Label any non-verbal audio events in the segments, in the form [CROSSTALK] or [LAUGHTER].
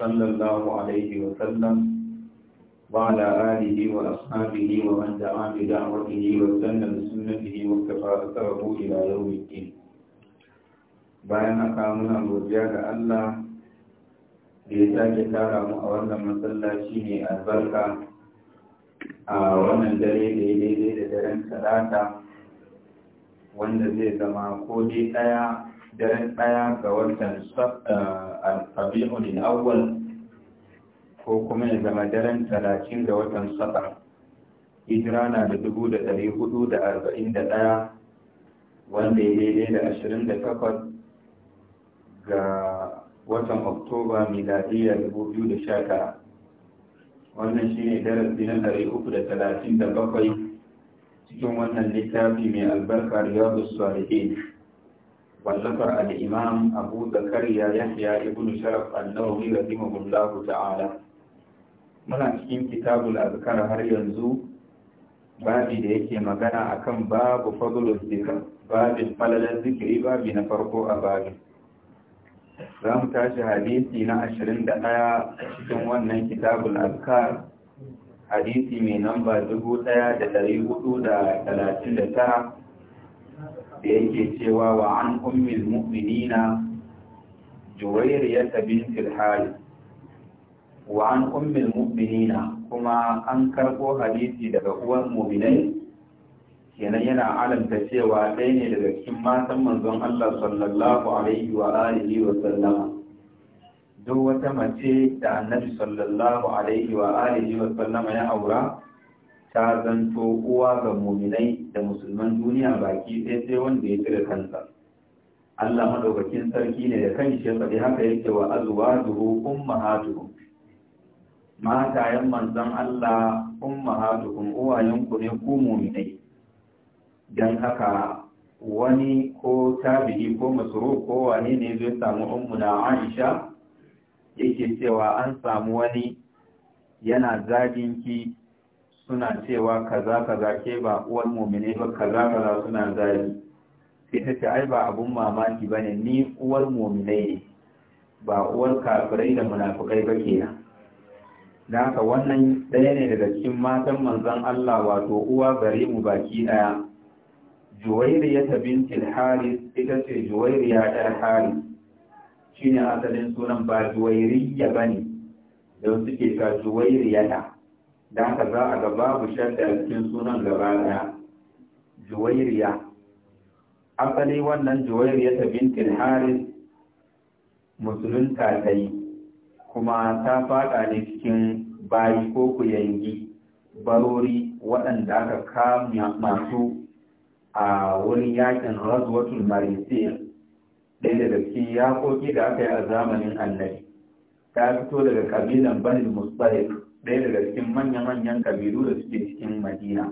صلى الله عليه وسلم وعلى آله وأصحابه ومن دعا بدعوته واستنى بسنته واكتفى أثره إلى يوم الدين bayan haka muna godiya ga Allah da ya sake tara mu a wannan masallaci ne albarka a wannan dare da ya daidai da daren talata wanda zai zama ko dai daya daren daya ga watan rabi'ul awwal ko kuma ya zama daren talatin ga watan safar hijira na da dubu da ɗari hudu da arba'in da ɗaya wanda ya daidai da ashirin da takwas ga watan oktoba miladiyya dubu biyu da sha tara wannan shi ne darasi na ɗari uku da talatin da bakwai cikin wannan littafi mai albarka riyadu salihin والنفر الإمام أبو زكريا يحيى ابن شرف النووي رحمه الله تعالى muna cikin kitabul azkar har yanzu babi da yake magana akan babu fadlul zikr babin falalan zikiri babi na farko a babi za mu tashi hadisi na 21 cikin wannan kitabul azkar hadisi mai namba da tara. da yake cewa wa an ummil mu'minina juwairiyata bintil harith wa an ummil mu'minina kuma an karbo hadisi daga uwan mu'minai kenan yana alamta cewa ɗaya ne daga cikin matan manzon Allah sallallahu alaihi wa alihi wa sallama duk wata mace da annabi sallallahu alaihi wa alihi wa sallama ya aura ta zanto uwa ga muminai da musulman duniya baki sai sai wanda ya cire kansa Allah madaukakin sarki ne da kan shi faɗi haka yake wa azwajuhu Mata, yan manzon Allah ummahatukum uwayen ku ne ku muminai dan haka wani ko tabi'i ko masru ko wani ne zai samu na Aisha yake cewa an samu wani yana zagin ki suna cewa kaza kaza ke ba uwar mumine ba kaza kaza suna zari sai ta ce ai ba abun mamaki bane ni uwar mumine ne ba uwar kafirai da munafukai ba kenan da haka wannan ɗaya ne daga cikin matan manzon Allah wato uwa gare mu baki ɗaya juwairiya ta bintil haris ita ce juwairiya ta haris shine asalin sunan ba juwairiya bane da suke ka juwairiya ta da haka za a ga babu shadda cikin sunan gaba da juwairiya asali wannan juwairiya ta bintin harin musulunta ta yi kuma ta fada ne cikin bayi ko kuyangi barori waɗanda aka kama masu a wurin yakin razwatul Daya ɗaya daga cikin yakoki da aka yi a zamanin annabi ta fito daga kabilan banin musbarik ɗaya daga cikin manya-manyan kabilu da suke cikin madina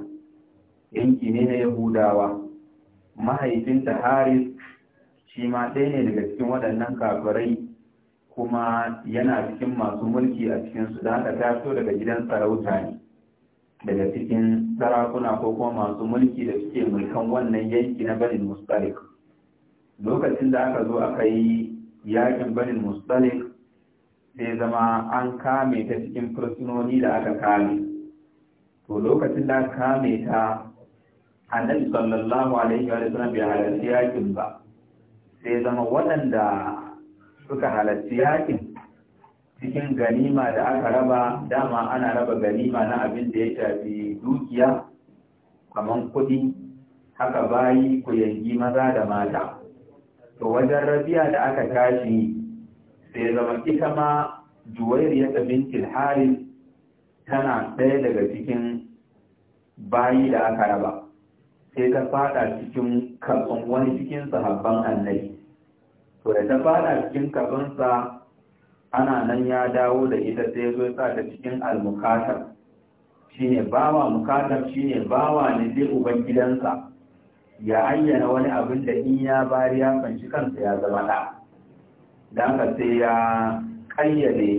yanki ne na yahudawa mahaifinta haris shi ma ɗaya ne daga cikin waɗannan kafirai kuma yana cikin masu mulki a cikin su da aka taso daga gidan sarauta ne daga cikin sarakuna ko kuma masu mulki da suke mulkan wannan yanki na banin mustalik lokacin da aka zo aka yi yakin banin mustalik sai zama an kame ta cikin fursunoni da aka kame to lokacin da kame ta annabi sallallahu alaihi wa sallam bai halarci yakin ba sai zama waɗanda suka halarci yakin cikin ganima da aka raba dama ana raba ganima na abin da ya shafi dukiya kamar kuɗi haka bayi ku yangi maza da mata to wajen rabiya da aka tashi da ya zama ita ma ya bintil haris tana ɗaya daga cikin bayi da aka raba sai ta fada cikin karɓin wani cikin sahabban annabi to da ta fada cikin karɓinsa ana nan ya dawo da ita sai zo sa ta cikin almukatar shine bawa mukatar shine bawa ne zai uban gidansa ya ayyana wani abin da in ya bari ya kanshi kansa ya zama da da aka sai ya kayyade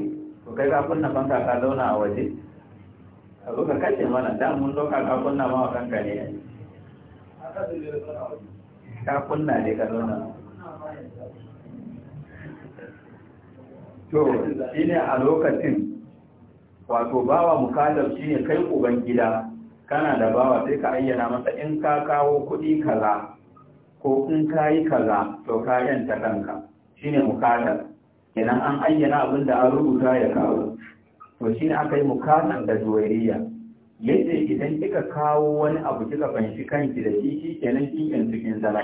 ko kai ka kunna fanka ka zauna a waje a zo ka kashe mana da mun doka ka kunna ma wa kanka ne ka kunna ne ka zauna to ne a lokacin wato bawa shi ne kai uban gida kana da bawa sai ka ayyana masa in ka kawo kuɗi kaza ko in ka yi kaza to ka yanta kanka ne mukatal kenan an ayyana abin da an rubuta ya kawo to shi ne aka yi mukatar da juwairiya yadda idan kika kawo wani abu kika fanshi kanki da shi shi kenan kin yanzu kin zama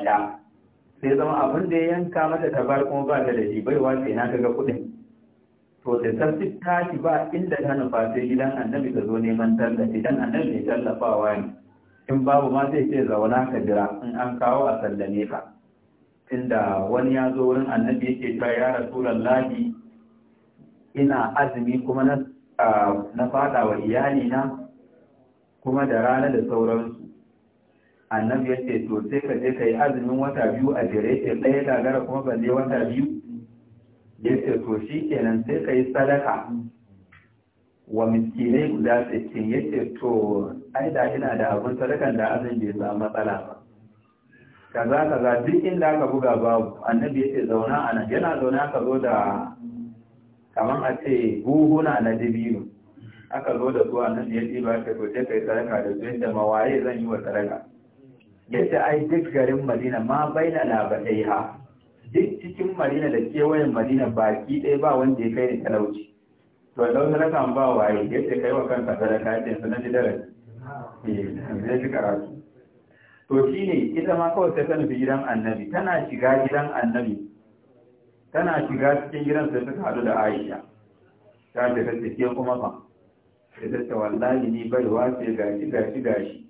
sai zama abin da ya yanka mata ta kuma ba ta da shi wa sai na kaga kuɗin to da sarfi tashi ba inda ta nufa sai gidan annabi ta zo neman tallafi idan annabi ne tallafawa ne in babu ma zai ce zauna ka jira in an kawo a sallame ka inda wani ya zo wurin annabi yake ta ya rasulallahi ina azumi kuma na na fada wa iyalina kuma da rana da sauransu annabi ya ce to sai ka je ka yi azumin wata biyu a jere ce ɗaya gagara kuma balle wata biyu ya ce to shi kenan sai ka yi sadaka wa miskinai guda sittin ya ce to ai da ina da abin sadakan da azumi bai samu matsala ba kaza kaza duk inda aka buga babu annabi yake zauna nan yana zauna aka zo da kaman a ce buhuna na dibiyu aka zo da zuwa nan ya ɗiba ta gote kai sadaka da zuwa, da mawaye zan yi wa sadaka ya ce ai duk garin madina ma baina labarai ha duk cikin madina da kewayen madina baki ɗaya ba wanda ya kai ni talauci to da sadaka ba waye ya ce kai wa kanka sadaka ya ce sanar da darasi eh, ya fi karatu to shine ita ma kawai ta nufi gidan annabi tana shiga gidan annabi tana shiga cikin gidan sai suka hadu da Aisha ta ce ta ce kuma fa sai ta ce wallahi ni baiwa ce gashi gashi gashi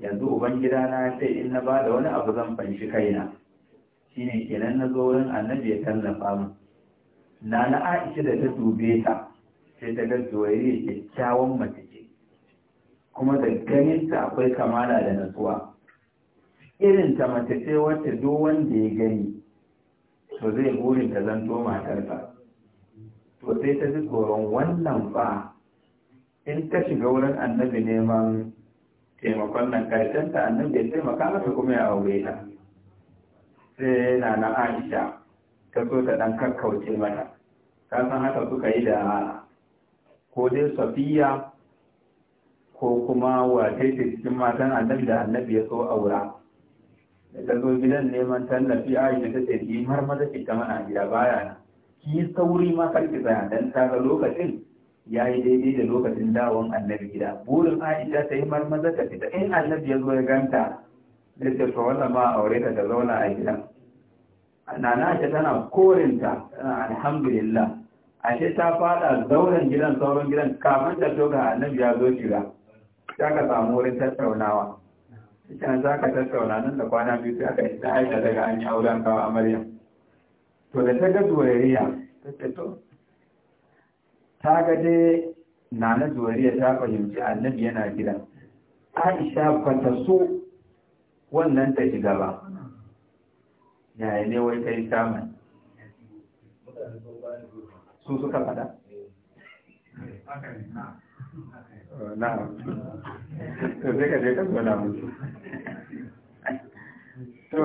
yanzu uban gidana sai in na ba da wani abu zan fanshi kaina shine kenan na zo wurin annabi ya tallafa mu na na Aisha da ta dube ta sai ta ga zuwaye kyakkyawan mace kuma da ganinta akwai kamala da natsuwa irin ta mace ce wata duk wanda ya gani to zai burin ta zanto matarsa to sai ta ji tsoron wannan ba in ta shiga wurin annabi neman taimakon nan karshen ta annabi ya taimaka mata kuma ya aure ta sai yana na aisha ta so ta dan kakkauce mata ka san haka suka yi da ko dai safiya ko kuma yi ta cikin matan annabi da annabi ya so aura ta zo gidan neman tallafi aisha ta ce har maza ki ta mana gida baya na ki yi sauri ma kar ki tsaya dan ta ga lokacin ya yi daidai da lokacin dawon annabi gida burin aisha ta yi mar maza ta fita in annabi ya zo ya ganta da ta fa wannan ma aure ta ta zauna a gidan nana ta tana korinta tana alhamdulillah ashe ta fada zauren gidan sauran gidan kafin ta ga annabi ya zo shiga ta ka samu wurin tattaunawa ita za ka tattauna nan da kwana biyu sai aka isa aisha daga an yi auren kawo amarya to da ta ga zuwariya ta ce to ta ga dai na zuwariya ta fahimci annabi yana gida aisha ba ta so wannan ta shiga ba yaya ne wai ta yi samun su suka na'am to sai ka je ka zauna musu to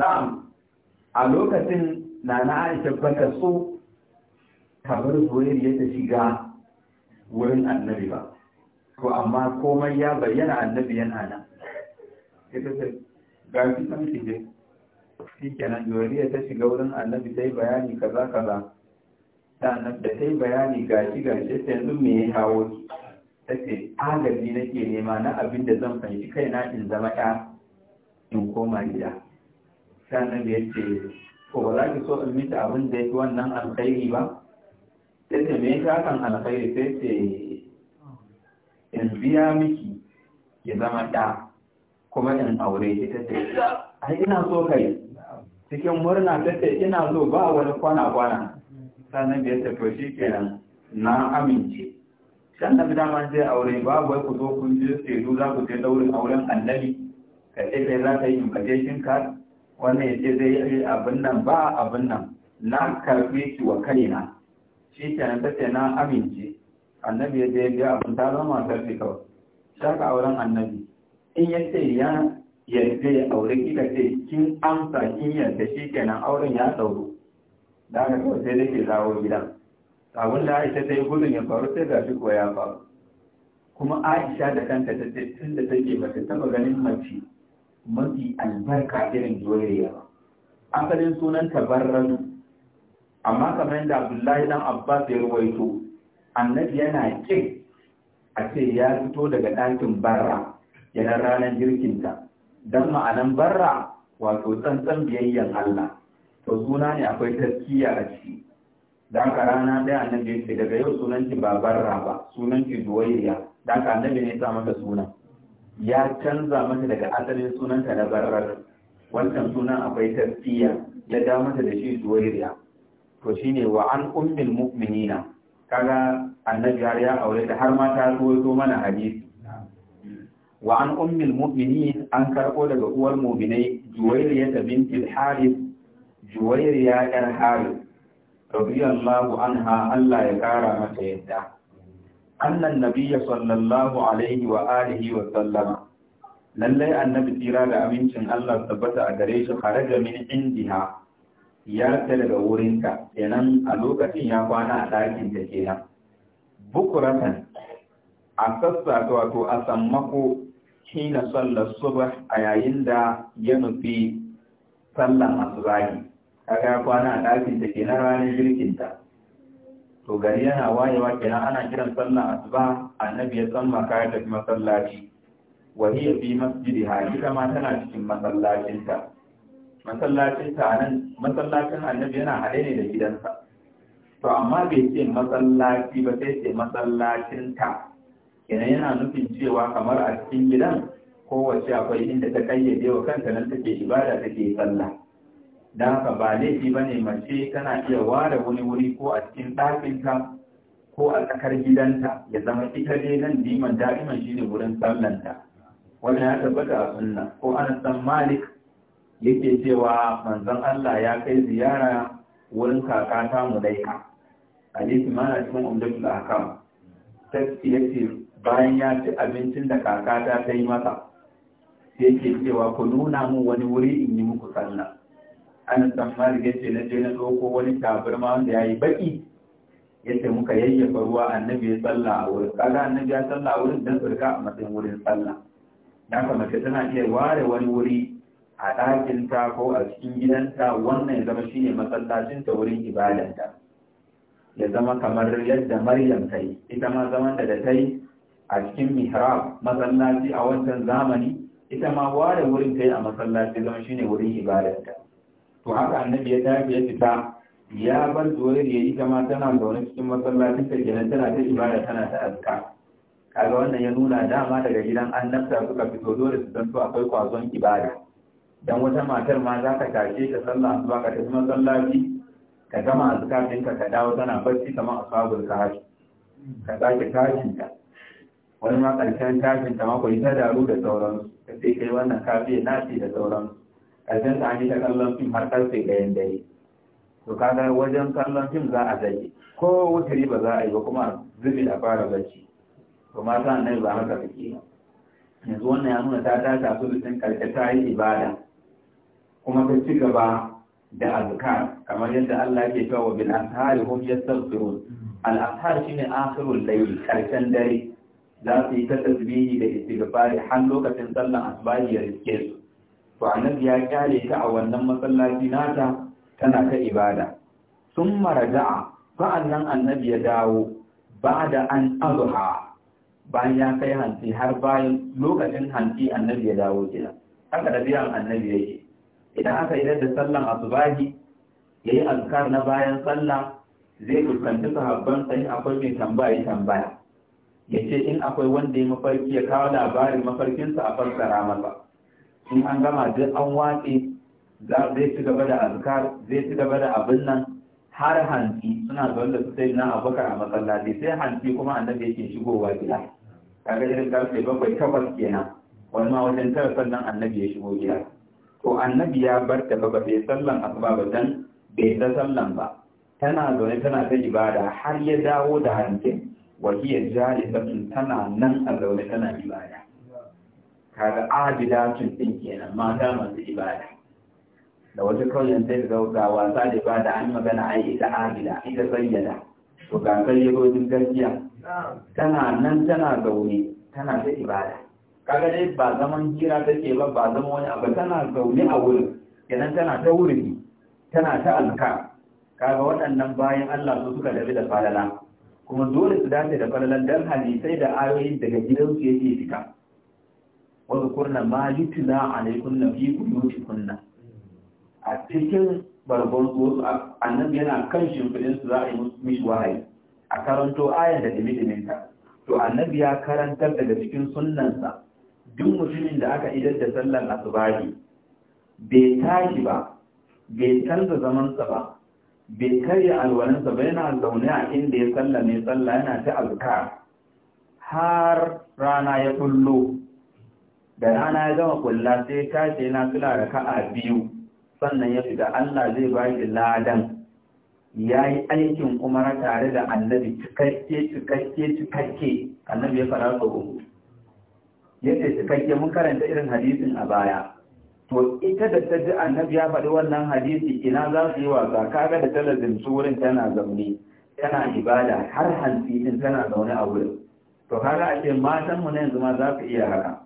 na'am a lokacin na na aisha baka so kamar soyayya ta shiga wurin annabi ba ko amma komai ya bayyana annabi yana nan ita ce ga fi san shige shi kenan ya ta shiga wurin annabi ta yi bayani kaza kaza sannan da ta yi bayani gashi gashi ta yanzu me ya hawo ki ta ce agaji nake nema na abin da zan kai kaina in zama ya in koma gida sannan da ya ce ko ba za ki so in mita abin da ya fi wannan alkhairi ba ta ce me ya kan alkhairi sai ce in biya miki ya zama ɗa kuma in aure ki ta ce ai ina so kai cikin murna ta ce ina so ba wani kwana-kwana sannan da ya tafi shi kenan na amince can da dama zai aure babu wai ku zo kun sai tsedu za ku je daurin auren annabi ka ce sai za ka yi invitation card wannan ya ce zai yi abin nan ba abin nan na karfe ki wa kaina shi kenan ta ce na amince annabi ya je biya abin ta zama karfe kawai shaka auren annabi in ya ce ya yarda ya aure kika ce kin amsa kin yarda shi kenan auren ya sauro. da aka kawai sai nake dawo gidan abin da aisha ta yi gudun ya faru sai gashi ko ya faru kuma aisha da kanta ta ce tun da take ba ta taba ganin mace mafi albarka irin joyayya ba asalin sunan tabarranu amma kamar yadda abdullahi dan abbas ya ruwaito annabi yana kin a ce ya fito daga ɗakin barra yana ranar jirkinta don ma'anan barra wato tsantsan biyayyen allah to suna ne akwai taskiya a ciki dan ka rana ɗaya annabi ya daga yau sunan ki ba barra ba ki duwayya da ka annabi ne samu da sunan ya canza mata daga asalin ta na barrar wannan sunan akwai taskiya ya da mata da shi duwayya to shine wa an ummil mu'minina kaga annabi har ya aure ta har ma ta zo mana hadisi wa an ummil mu'minin an karɓo daga uwar mu'minai juwayriyata bintil harith juwairiya ‘yar hari, radiyallahu anha Allah ya ƙara mata yadda. Annan nabiya sallallahu alaihi wa alihi wa sallama, lallai annabi tsira da amincin Allah tabbata a gare shi kare da min indiha ya ta daga wurinka, kenan a lokacin ya kwana a ɗakin ta kenan. Bukuratan, a sassa wato a sammako na sallar subah a yayin da ya nufi sallar asubahi kaga kwana a ɗakin ta na ranar girkin ta to gari yana wayewa kenan ana kiran sallah asuba annabi ya san maka ya tafi masallaci wa hiya fi masjidiha ita ma tana cikin masallacinta masallacinta nan masallacin annabi yana hade ne da gidansa to amma bai ce masallaci ba sai ce masallacinta kenan yana nufin cewa kamar a cikin gidan kowace akwai inda ta kayyade wa kanta nan take ibada take sallah da haka ba laifi ba ne mace tana iya ware wani wuri ko a cikin ɗakinta ko a tsakar gidanta ya zama ita dai nan diman da'iman shi ne wurin sallanta wannan ya tabbata a sunna ko ana san malik yake cewa manzon Allah ya kai ziyara wurin kakata mulaika hadisi mana cikin umdatul ahkam tafi yace bayan ya ci abincin da kakata ta yi masa yake cewa ku nuna mu wani wuri in yi muku sallah ana dan malik yace na je na ɗauko wani tabarma wanda yayi baki yadda muka yayyafa ruwa annabi ya tsalla a wurin tsada annabi ya tsalla a wurin don tsirka a matsayin wurin tsalla. ya kamata tana iya ware wani wuri a ɗakinta ko a cikin gidanta wannan ya zama shine masallacinta wurin ibadanta ya zama kamar yadda maryam ta yi ita ma zaman da ta yi a cikin mihrab masallaci a wancan zamani ita ma ware wurin ta yi a masallaci zama shine wurin ibadanta to haka annabi ya tafi ya fita ya bar zuwair ya yi kama tana zaune cikin masallacin ta kenan tana ta ibada tana ta azka kaga wannan ya nuna dama daga gidan annabta suka fito dole su zanto akwai kwazon ibada dan wata matar ma za ka tashe ta sallah zuwa ka tafi masallaci ka gama azka ɗinka ka dawo tana barci kamar asabul kahfi ka sake tashin ta wani ma ƙarshen tashin ta mako ta daru da sauransu ka sai kai wannan na nafi da sauransu ƙarshen ta an yi ta kallon fim har karfe ɗayan dare to kaga wajen kallon fim za a zage ko wutari ba za a yi ba kuma zubi da fara bacci to mata nan ba haka kake yanzu wannan ya nuna ta ta su da tun ta yi ibada kuma ta ci gaba da azkar kamar yadda Allah ke cewa wa bil ashari hum yastaghfirun al ashar shine akhirul layl karshen dare za su yi ta tasbihi da istighfari har lokacin sallan asbahi ya riske su to annabi ya kyale ta a wannan masallaci nata tana ta ibada sun maraja'a sa'annan annabi ya dawo ba da an azuha bayan ya kai hanti har bayan lokacin hanti annabi ya dawo gida haka da biyan annabi yake idan aka idar da sallan asubahi ya yi azkar na bayan sallah zai fuskanci sahabban sai akwai mai tambaya tambaya ya ce in akwai wanda ya mafarki ya kawo labarin mafarkinsa a fassara masa in an gama duk an watse zai ci gaba da azkar zai ci gaba da abin nan har hanti suna zaune da su sai na abokan a masallaci sai hanti kuma annabi yake shigowa gida kaga irin karfe bakwai takwas kenan wani ma wajen tara sannan annabi ya shigo gida to annabi ya bar ta baba bai sallan asuba ba dan bai ta sallan ba tana zaune tana ta ibada har ya dawo da hantin wahiyar jari tana nan a zaune tana ibada kaga abidatun din kenan mata masu ibada da wata kauyen sai ga ga wasa da da an magana ai ita abida ita sayyada to ga kayyadodin gaskiya tana nan tana zaune tana ta ibada kaga dai ba zaman hira take ba ba zaman wani abu tana zaune a wurin kenan tana ta wurin tana ta alka kaga waɗannan bayan Allah su suka dabi da falala kuma dole su dace da falalan dan hadisai da ayoyin daga gidansu yake fita wadukurna ma laifin na fi kunna! a cikin bargon annabi yana kan shimfidin su za a yi mishi wahayi a karanto ayar da dimidiminta to annabi ya karantar daga cikin sunansa, duk mutumin da aka idar da sallar asubahi bai tashi ba bai canza zamansa ba bai karya alwalansa ba yana zaune a inda ya sallame sallah yana ta azkar har rana ya kullo da rana ya gama kulla sai tashi yana suna ka'a biyu sannan ya shiga Allah zai ba shi ladan ya yi aikin umara tare da annabi cikakke cikakke cikakke annabi ya fara sau uku ya cikakke mun karanta irin hadisin a baya to ita da ta ji annabi ya faɗi wannan hadisi ina za su yi wasa kaga da ta lazimci tana zaune tana ibada har hantsi in tana zaune a wurin to kaga a ce matan na yanzu ma za su iya haka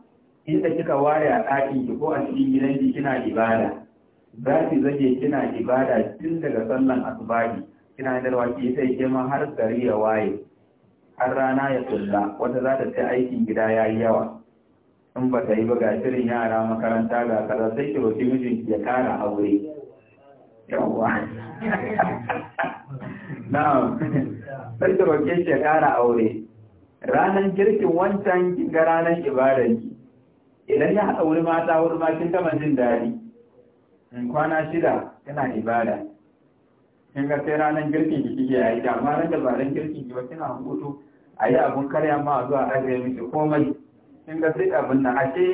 inda kika ware a ɗakin ki ko a cikin gidan ki, kina ibada za ki zage kina ibada tun daga sallan asubahi kina darwa ki sai ke ma har gari ya waye har rana ya kulla wata za ta ce aikin gida ya yi yawa in ba ta yi ba ga shirin yara makaranta ga kaza sai ki roki mijin ya kara aure yawa [LAUGHS] na'am sai ki roke shi ya kara aure ranan girkin wancan ga ranan ibadanki idan ya haɗa wuri mata wuri ma kin gama jin daɗi in kwana shida kana ibada kin ga sai ranar girkin ki kike yayi da amma ran da ba ran girkin ki ba kina hutu a yi abun karya ma zuwa ajiye miki komai kin ga sai abin nan ake.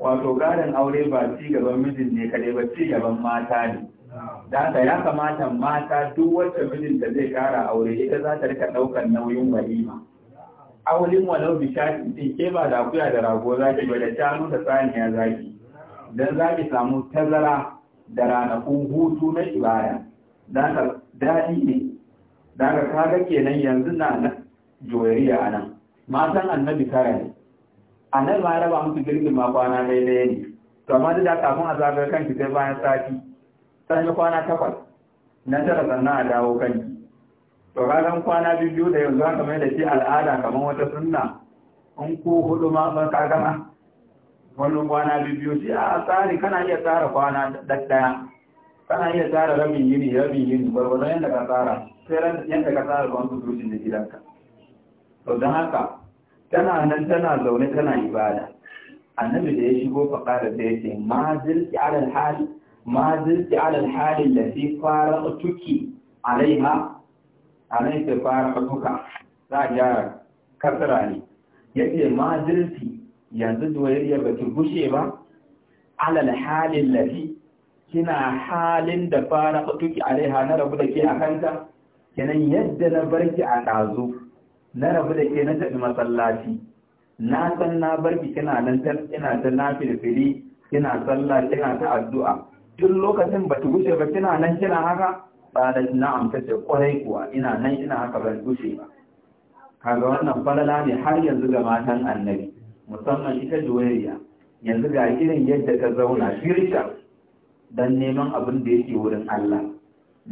wato gadon aure ba ci gaban mijin ne kaɗai ba ci gaban mata ne da haka ya kamata mata duk wacce da zai kara aure ita za ta rika ɗaukar nauyin walima aulin walau bishafi din ke ba da akuya da rago zaki ba da shanu da saniya zaki dan zaki samu tazara da ranakun hutu na ibada daga dadi ne daga kaga kenan yanzu na nan joyariya anan matan annabi kare ne anan ma raba musu girgin ma kwana daidai ne to amma da kafin a zagar kanki sai bayan sati sai kwana takwas na tara sannan a dawo kanki to ranar kwana biyu da yanzu haka mai da shi al'ada kamar wata sunna in ku hudu ma ban kakana wannan kwana biyu shi a tsari kana iya tsara kwana daddaya kana iya tsara rabin yini rabin yini gwargwadon yadda ka tsara sai yadda ka tsara constitution da gidanka to don haka tana nan tana zaune tana ibada annabi da ya shigo faƙara da ya ce ma zirki alal hali ma zirki alal hali da fi fara tuki alaiha a nan ta fara duka za a gyara kasara ne ya ce majirfi yanzu doyayya ba ta gushe ba alal halin lafi kina halin da fara duki alaiha na rabu da ke a kanta kenan yadda na barki a ɗazu na rabu da ke na tafi masallaci na san na barki kina nan ina ta na fili, kina sallah kina ta addu'a Duk lokacin ba ta gushe ba kina nan kina haka ƙalar na'am ta ce ƙwarai kuwa ina nan ina haka ban gushe ba kaga wannan falala ne har yanzu ga matan annabi musamman ita juwariya yanzu ga irin yadda ta zauna shirka don neman abin da yake wurin Allah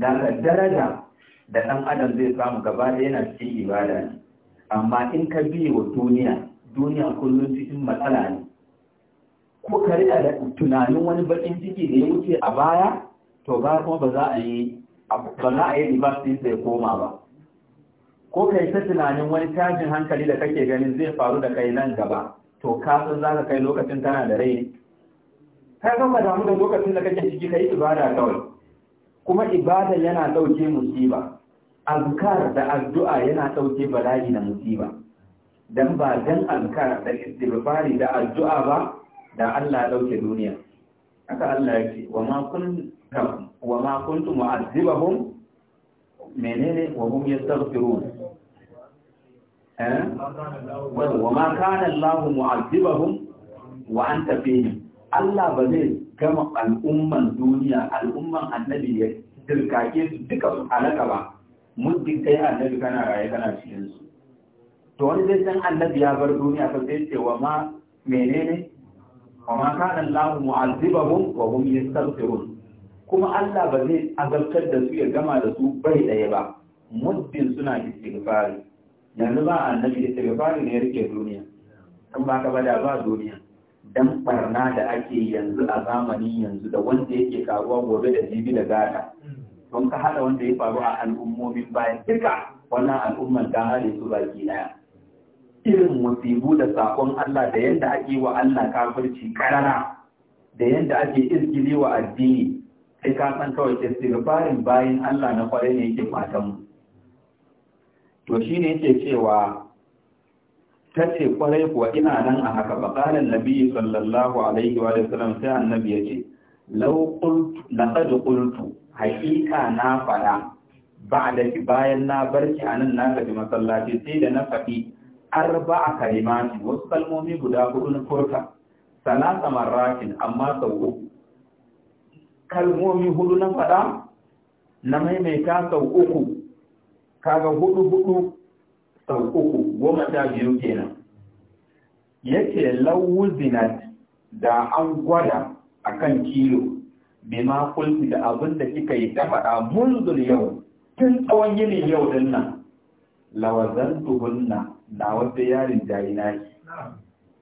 ka daraja da ɗan adam zai samu gaba da yana cikin ibada ne amma in ka biye wa duniya duniya kullum cikin matsala ne ko ka da tunanin wani baƙin ciki da ya wuce a baya to ba kuma ba za a yi ba za a yi libas sai koma ba ko kai ta tunanin wani tajin hankali da kake ganin zai faru da kai nan gaba to ka san za ka kai lokacin tana da rai ka damu da lokacin da kake ciki kai ibada kawai kuma ibada yana ɗauke musiba azkar da addu'a yana ɗauke bala'i da musiba dan ba dan azkar da istighfari da addu'a ba da Allah dauke duniya haka Allah ya ce wa ma kun wa ma kuntu mu'azzibahum menene wa hum yastaghfirun eh wa ma kana Allah mu'azzibahum wa anta fihim Allah ba zai gama al'umman duniya al'umman annabi ya dirkake su duka su halaka ba muddin kai annabi kana raye kana cikin su to wani zai san annabi ya bar duniya ka sai ce wa ma menene wa ma kana Allah mu'azzibahum wa hum yastaghfirun kuma Allah ba zai azabtar da su ya gama da su bai ɗaya ba muddin suna istighfari yanzu ba annabi istighfari ne ya rike duniya kan ba ka bada ba duniya dan barna da ake yanzu a zamanin yanzu da wanda yake karuwa gobe da jibi da gada, don ka hada wanda ya faru a al'ummomin bayan duka wannan al'umman ta hare su baki daya irin musibu da sakon Allah da yanda ake wa Allah kafirci karara da yanda ake izgili wa addini sai ka san kawai istighfarin bayan Allah na kwarai ne yake matanmu. mu to shine yake cewa ce kwarai kuwa ina nan a haka ba qala annabi sallallahu alaihi wa sallam sai annabi yace law Na laqad qultu haƙiƙa na faɗa. ba da bayan na barki anan na tafi masallaci sai da na faɗi arba'a kalimati wasu kalmomi guda hudu na furta salasa marratin amma sau uku kalmomi hudu na faɗa na maimaita sau uku kaga hudu hudu sau uku goma sha biyu kenan yake lawuzinat da an gwada a kan kilo bima kulki da abin da kika yi ta faɗa munzul yau tun tsawon yinin yau din nan lawazan tuhunna na wata yarin jayi na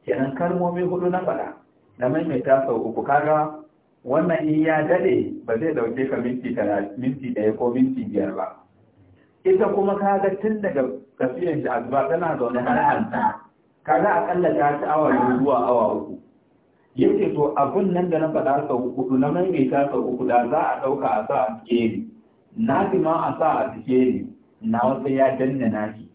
kenan kalmomi hudu na faɗa na maimaita sau uku kaga wannan in ya dade ba zai dauke ka minti minti ɗaya ko minti biyar ba ita kuma ka ga tun daga tafiyan da azuba tana zaune har hanta a akalla ta ci awa biyu zuwa awa uku yake to abun nan da na faɗa sau uku na maimaita sau uku da za a ɗauka a sa a sikeri na fi ma a sa a sikeri na wasu ya danna na shi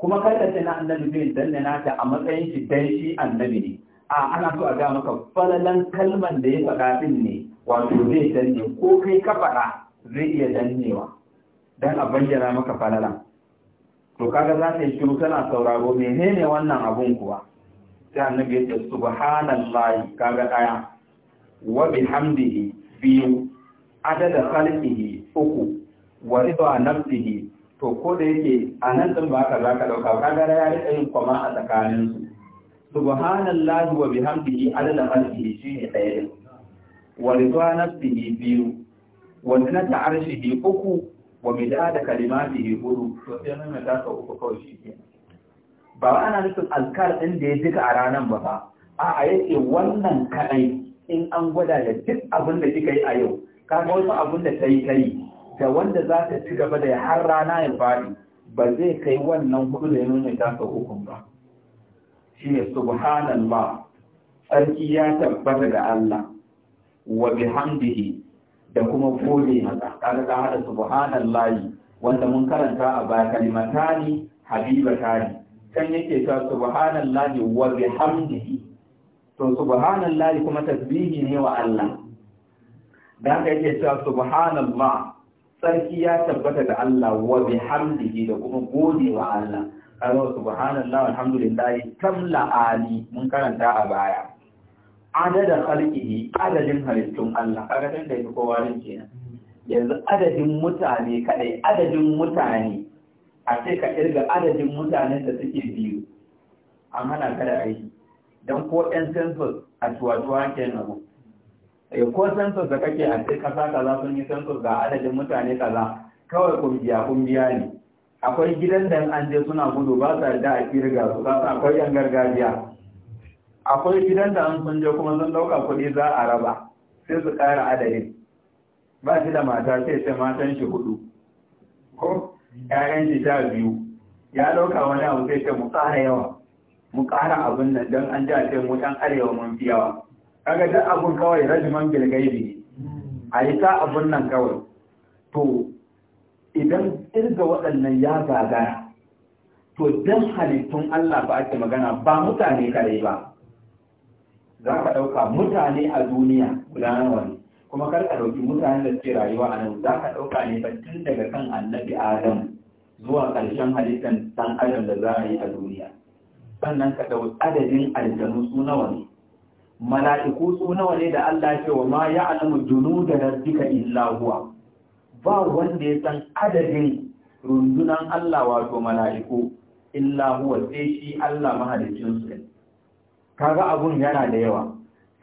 kuma kada ta na annabi zai danne na ta a matsayin shi dan shi annabi ne a ana so a ga maka falalan kalman da ya faɗa din ne wato zai danne ko kai ka faɗa zai iya dannewa don a bayyana maka falalan to kaga za ta yi shiru tana sauraro menene wannan abun kuwa sai annabi ya ce subhanallahi kaga daya wa bihamdihi biyu adada khalqihi uku wa ridwa nafsihi to ko da yake anan din ba ka zaka dauka kaga ya rika yin kwama a tsakanin su subhanallahi wa bihamdihi adada khalqihi shine ɗaya wa ridwana bihi biyu wa zinata arshihi uku wa midada kalimatihi hudu to sai nan ta ka uku kawai shi ne. ba ana nufin alkar ɗin da ya jika a ranar ba ba a'a yake wannan kadai in an gwada da duk abin da kika yi a yau ga wasu abin da ta yi ta yi da wanda za ta ci gaba da har rana ya faɗi ba zai kai wannan hudu da ya nuna ta uku ba Shi ne subhanallah sarki ya tabbata ga Allah wa bihamdihi da kuma gode masa kaga ka hada subhanallahi wanda mun karanta a baya kalimatani habibatani kan yake ta subhanallahi wa bihamdihi to subhanallahi kuma tasbihi ne wa Allah da haka yake ta subhanallah sarki ya tabbata ga Allah wa bihamdihi da kuma gode wa Allah kaga subhanallah alhamdulillah kam ali mun karanta a baya adadin khalqihi adadin halittun Allah kaga dan da yake kowa ne kenan yanzu adadin mutane kadai adadin mutane a ce ka irga adadin mutanen da suke biyu an hana kada aiki don ko ɗan census a tuwatuwa tuwa ke nan ya eh, ko census da kake a sai kasa kaza sun yi census ga adadin mutane kaza kawai kungiya kungiya ne akwai gidan da an je suna gudu ba sa da a kirga su kasa akwai yan gargajiya akwai gidan da an sun je kuma sun dauka kuɗi za a raba sai su ƙara adadin ba shi da mata sai sai matan shi hudu ko ƴaƴan shi sha biyu ya dauka wani abu sai ce mu ƙara yawa mu ƙara abin nan don an ja ce mu dan arewa mun fi yawa kaga duk abun kawai rajiman bilgaibi a yi ta abun nan kawai to idan irga waɗannan ya gagara to dan halittun Allah ba ake magana ba mutane kare ba za ka ɗauka mutane a duniya gudanar wani kuma kar ka ɗauki mutane da suke rayuwa a nan za ka ɗauka ne ba tun daga kan annabi adam zuwa ƙarshen halittar ɗan adam da za a yi a duniya sannan ka ɗau adadin aljanu su nawa ne mala'iku su nawa ne da Allah ce wa ma ya alamu junu da rabbika illa huwa ba wanda ya san adadin rundunan Allah wato mala'iku illa huwa sai shi Allah mahalicin su kaga abun yana da yawa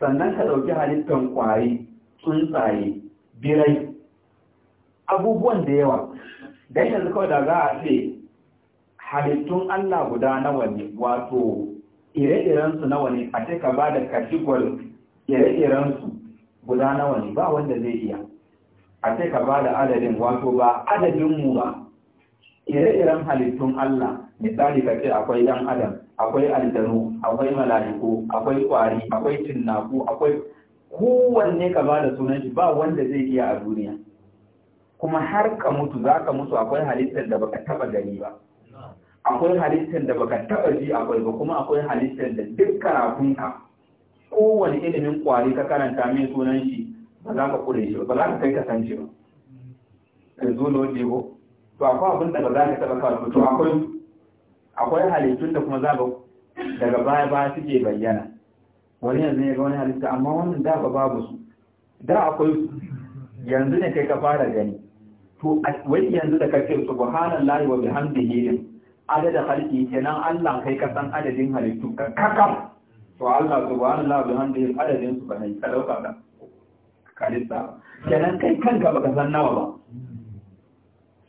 sannan ka ɗauki halittan kwari tsuntsaye birai abubuwan da yawa dan yanzu kawai da za a ce halittun Allah guda nawa ne wato ire-irensu nawa ne a ce ka ba da kashigwal ire-irensu guda nawa ne ba wanda zai iya a ce ka ba da adadin wato ba adadinmu ba ire-iren halittun Allah misali ka ce akwai ɗan adam akwai aljanu akwai mala'iku akwai kwari akwai cinnaku akwai kowanne ka ba da sunan shi ba wanda zai iya a duniya kuma har ka mutu za ka mutu akwai halittar da baka taba gani ba akwai halittar da baka taba ji akwai ba kuma akwai halittar da duk karatunka kowane ilimin kwari ka karanta mai sunan shi ba za ka kure shi ba za ka kai ka san shi ba ka zo na jego to akwai abin da ba za ka taɓa kawo to akwai akwai halittun da kuma za ka daga baya baya suke bayyana wani yanzu ya ga wani halitta amma wannan da ba babu su da akwai su yanzu ne kai ka fara gani to wai yanzu da kake subhanallahi wa da ne adada halki kenan Allah kai ka san adadin halittu kakam to Allah subhanallahi wa bihamdihi adadin su ba ne ka dauka ka kalista kenan kai kanka baka san nawa ba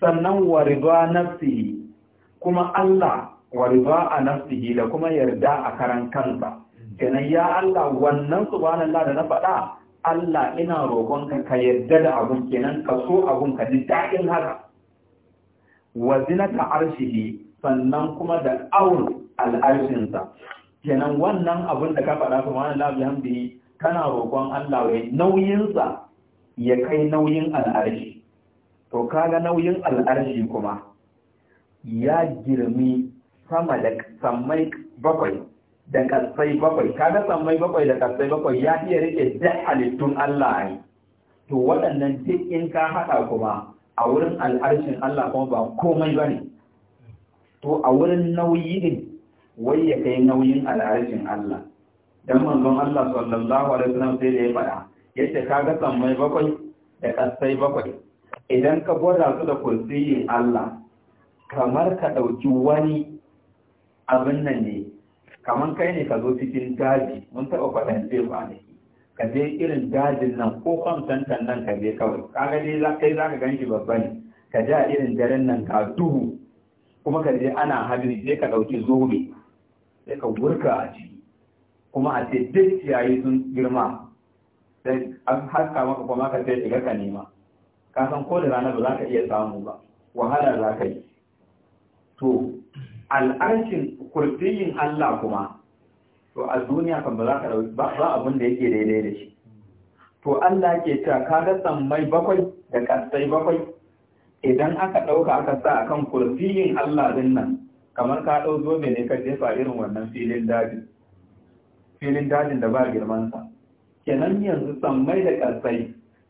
sannan wa ridwa nafsihi kuma Allah wa ridwa a nafsihi da kuma yarda a karan kansa kenan ya Allah wannan subhanallahi da na faɗa Allah ina roƙon ka yarda da abun kenan ka so abun ka ji daɗin haka wa zinata arshihi sannan kuma da al al'arshinsa kenan wannan abun da ka faɗa subhanallahi bihamdihi kana roƙon Allah ya nauyinsa ya kai nauyin al'arshi to kaga nauyin al'arshi kuma ya girmi sama da sammai bakwai da kasai bakwai kaga sammai bakwai da kasai bakwai ya iya rike da halittun Allah ne to waɗannan duk in ka haɗa kuma a wurin al'arshin Allah kuma ba komai ba ne to a wurin nauyi ne wai ya kai nauyin al'arshin Allah dan manzon Allah sallallahu alaihi wasallam sai da ya faɗa yace kaga sammai bakwai da kasai bakwai idan ka gwada su da kursiyin Allah kamar ka dauki wani abin nan ne kamar kai ne ka zo cikin daji mun taɓa sai ba ne ka je irin dajin nan ko tantan nan ka je kawai kaga dai kai za ka ganshi babba ne ka ja irin daren nan ka duhu kuma ka je ana hadiri sai ka ɗauki zobe sai ka gurka a ciki kuma a ce duk ciyayi sun girma sai an haska maka kuma ka sai shiga ka nema ka san ko da rana ba za ka iya samu ba wahala za ka yi to al'arshin kurdiyin Allah kuma to a duniya kan ba za ka ba abin da yake daidai da shi to Allah ke ta ka ga sammai bakwai da kasai bakwai idan aka ɗauka aka sa akan kurdiyin Allah din nan kamar ka ɗau zobe ne ka jefa irin wannan filin daji filin dajin da ba girmansa kenan yanzu sammai da karsai.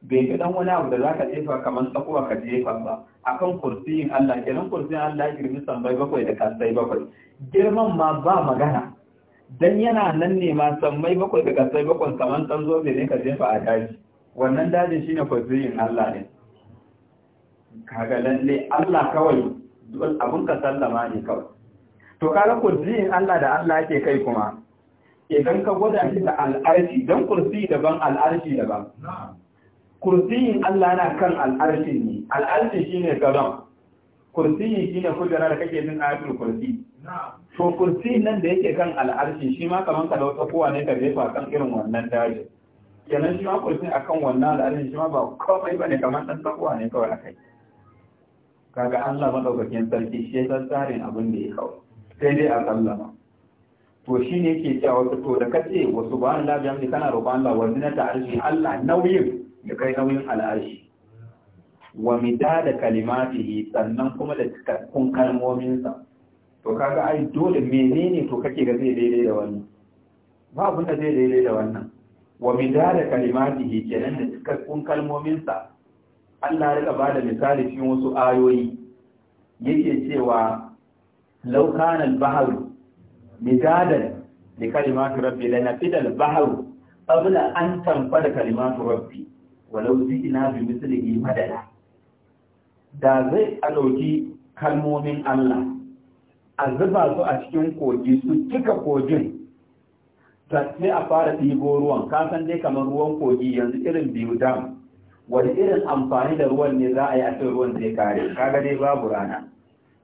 bai fi dan wani abu da za ka jefa kamar tsakuwa ka jefa ba a kan kursiyin Allah kenan kursiyin Allah girmi sammai bakwai da karsai bakwai girman ma ba magana dan yana nan ne ma sammai bakwai da karsai bakwai kamar ɗan zobe ne ka jefa a daji wannan dajin shine kursiyin Allah ne kaga lalle Allah kawai abun ka sallama ne kawai to kaga kursiyin Allah da Allah yake kai kuma idan ka gwada shi da al'arshi don kursi daban al'arshi daban kursiyin Allah na kan al'arshi ne al'arshi shi ne gaban kursiyi shi ne kujera da kake jin ayatul kursi to kursi nan da yake kan al'arshi shi ma kaman ka dauka kowa ne ka jefa kan irin wannan daji kenan shi ma kursi akan wannan al'arshi shi ma ba komai bane kaman dan tsakuwa ne kawai akai kaga Allah madaukakin sarki shi ya tsarin abin da ya kawo sai dai a sallama to shi ne ke cewa wasu to da kace Allah da bihamdi kana roƙon Allah wa zinata arshi Allah nauyin da kai nauyin al'arshi wa midada kalimatihi sannan kuma da cikakkun kalmominsa to kaga ai dole menene to kake ga zai daidai da wannan ba abun da zai daidai da wannan wa midada kalimatihi kenan da cikakkun kalmominsa Allah ya ba da misali cikin wasu ayoyi yake cewa law kana al-bahru midadan li kalimatu rabbi lana fidal bahru qabla an tanfada kalimatu rabbi walau zina da zai alauki kalmomin Allah a zuba su a cikin kogi su cika kogin sai a fara ɗibo ruwan kasan dai kamar ruwan kogi yanzu irin biyu dam wani irin amfani da ruwan ne za a yi a cikin ruwan zai kare kaga dai babu rana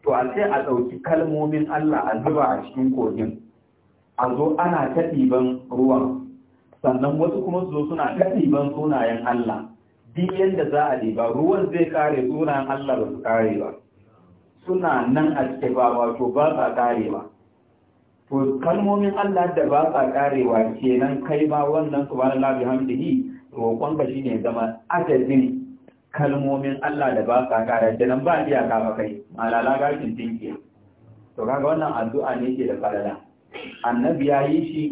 to a sai a ɗauki kalmomin Allah a zuba a cikin kogin a zo ana ta ɗiban ruwan sannan wasu kuma su zo suna ta ɗiban sunayen Allah duk yadda za a ɗiba ruwan zai kare sunayen Allah ba su kare ba suna nan a cike ba wato ba sa karewa to kalmomin Allah da ba sa karewa kenan kai ba wannan su labi hamdihi roƙon shi ne zama adadin kalmomin Allah da ba sa kara nan ba ka ba kai malala gashin tinke to kaga wannan addu'a ne ke da falala annabi ya yi shi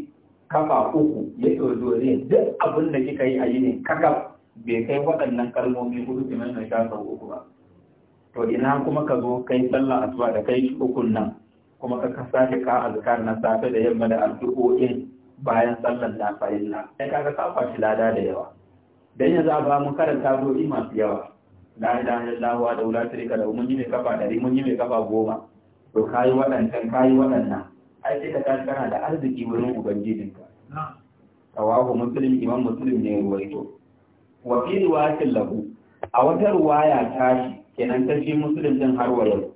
kafa uku ya dozo ne duk abin da kika yi a yi ne kaga bai kai waɗannan kalmomi hudu kimanin na sha uku ba to ina kuma ka zo kai sallah asuba da kai shi ukun nan kuma ka ka ka azkar na safe da yamma da addu'o'in bayan sallar da farilla sai kaga ka fashi lada da yawa dan yanzu a ba mu karanta do'i masu yawa ya ilaha da wa daula shirka da mun yi mai kafa da mun yi mai kafa goma to kayi waɗancan kayi waɗannan ai sai ka tashi kana da arziki wurin ubangijinka rawahu muslim imam muslim ne ruwaito wa fi riwayatin lahu a wata ruwaya tashi kenan ta shi muslim din har wa yau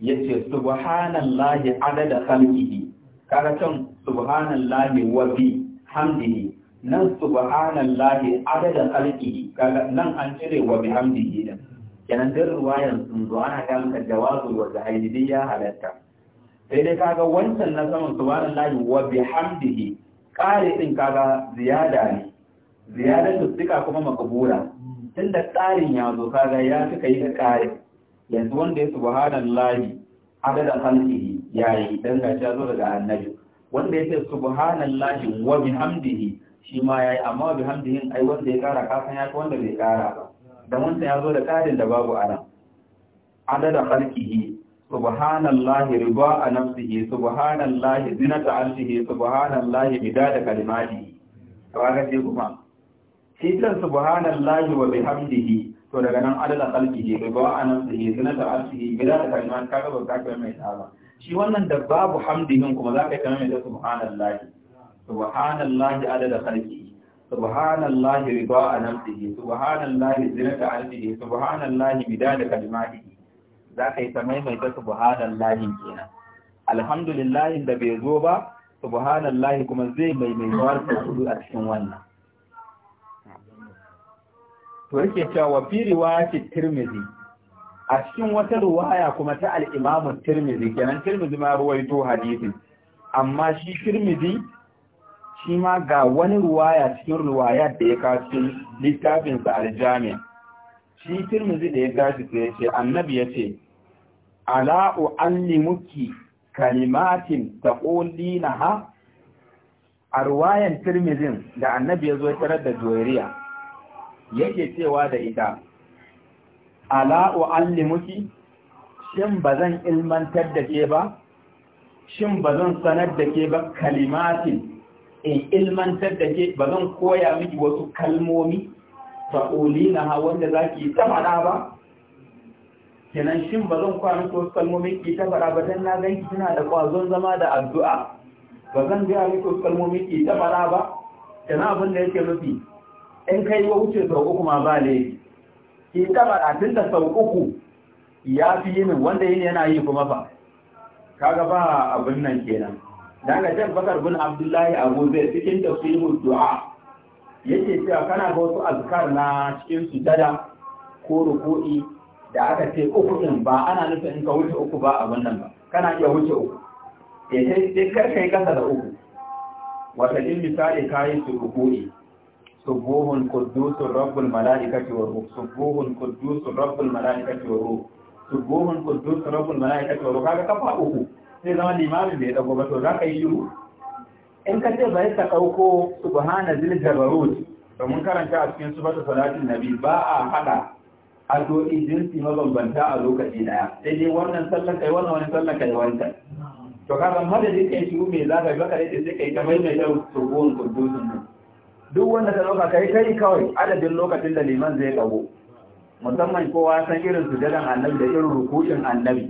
yace subhanallahi adada khalqihi kaga can subhanallahi wa bi hamdihi nan subhanallahi adadin alƙihi kaga nan an cire wa bihamdihi da kenan din ruwayan sun zo ana ga maka jawazu wa zahidi ya halatta sai dai kaga wancan na saman subhanallahi wa hamdihi. Kare din kaga ziyada ne ziyadatu suka kuma makabura tunda tsarin ya zo kaga ya suka yi da kare. yanzu wanda ya subhanallahi adadin alƙihi yayi dan ga zo daga annabi wanda ya ce subhanallahi wa bihamdihi shi ma ya yi amma bi hamdihin ai wanda ya kara kasan ya fi wanda bai kara ba da wancan ya zo da karin da babu ana adada khalqihi subhanallahi riba a nafsihi subhanallahi zinata arshihi subhanallahi bidada kalimatihi kaga sai kuma shi kan subhanallahi wa bihamdihi to daga nan adada khalqihi riba a nafsihi zinata bida da kalimati kaga ba ka kai mai tsaba shi wannan da babu hamdihin kuma za ka kamar mai da subhanallahi subhanallahi adada khalqihi subhanallahi riba'a nafsihi subhanallahi zinata arshihi subhanallahi bidada kalimatihi za ka yi ta maimaita subhanallahi kenan alhamdulillahi da bai zo ba subhanallahi kuma zai maimaita ta hudu a cikin wannan to yake cewa fi riwayati tirmidhi a cikin wata riwaya kuma ta al-imamu tirmidhi kenan tirmidhi ma ruwaito hadisin amma shi tirmidhi shi ma ga wani ruwaya cikin ruwaya da ya kawo littafinsa aljami'a shi tirmizi da ya gashi sai ya ce annabi ya ce ala uallimuki kalimatin taqulinaha a ruwayan tirmizin da annabi ya zo tarar da joyariya yake cewa da ita ala uallimuki shin bazan ilmantar da ke ba shin bazan sanar da ke ba kalimatin in ilmantar da ke ba zan koya miki wasu kalmomi na ha wanda za ki ta faɗa ba kenan shin ba zan koya miki wasu kalmomi ki ta faɗa ba don na gan ki tana da ƙwazon zama da addu'a ba zan gaya miki wasu kalmomi ki ta faɗa ba kenan abin da yake nufi in kai wa wuce sau uku ma ba ne ki ta tun da sau uku ya fi yi min wanda yini yana yi kuma fa kaga ba abin nan kenan daga jan bakar bin abdullahi abu zai cikin tafsirin du'a yake cewa kana ga wasu azkar na cikin sujada ko ruku'i da aka ce uku din ba ana nufin in ka wuce uku ba a wannan ba kana iya wuce uku eh, sai sai kar yi kasa da uku wata din misali kayi su ruku'i subuhun quddusur rabbul malaikati wa ruh subuhun quddusur rabbul malaikati wa ruh subuhun quddusur rabbul malaikati wa ruh kaga kafa uku sai zama limamin ya dago ba to za ka yi shiru in ka ce bai ta ɗauko subhana zilgabarut domin karanta a cikin subhata salatin nabi ba a hada addu'o'i jinsi mabambanta a lokaci daya sai dai wannan sallan kai wannan wani sallan kai wancan to zama da kai shiru me za ka yi baka sai kai ta maimaita subuhun kudusun nan duk wanda ka ɗauka kai kai kawai adadin lokacin da liman zai ɗago musamman kowa san irin sujadan annabi da irin rukushin annabi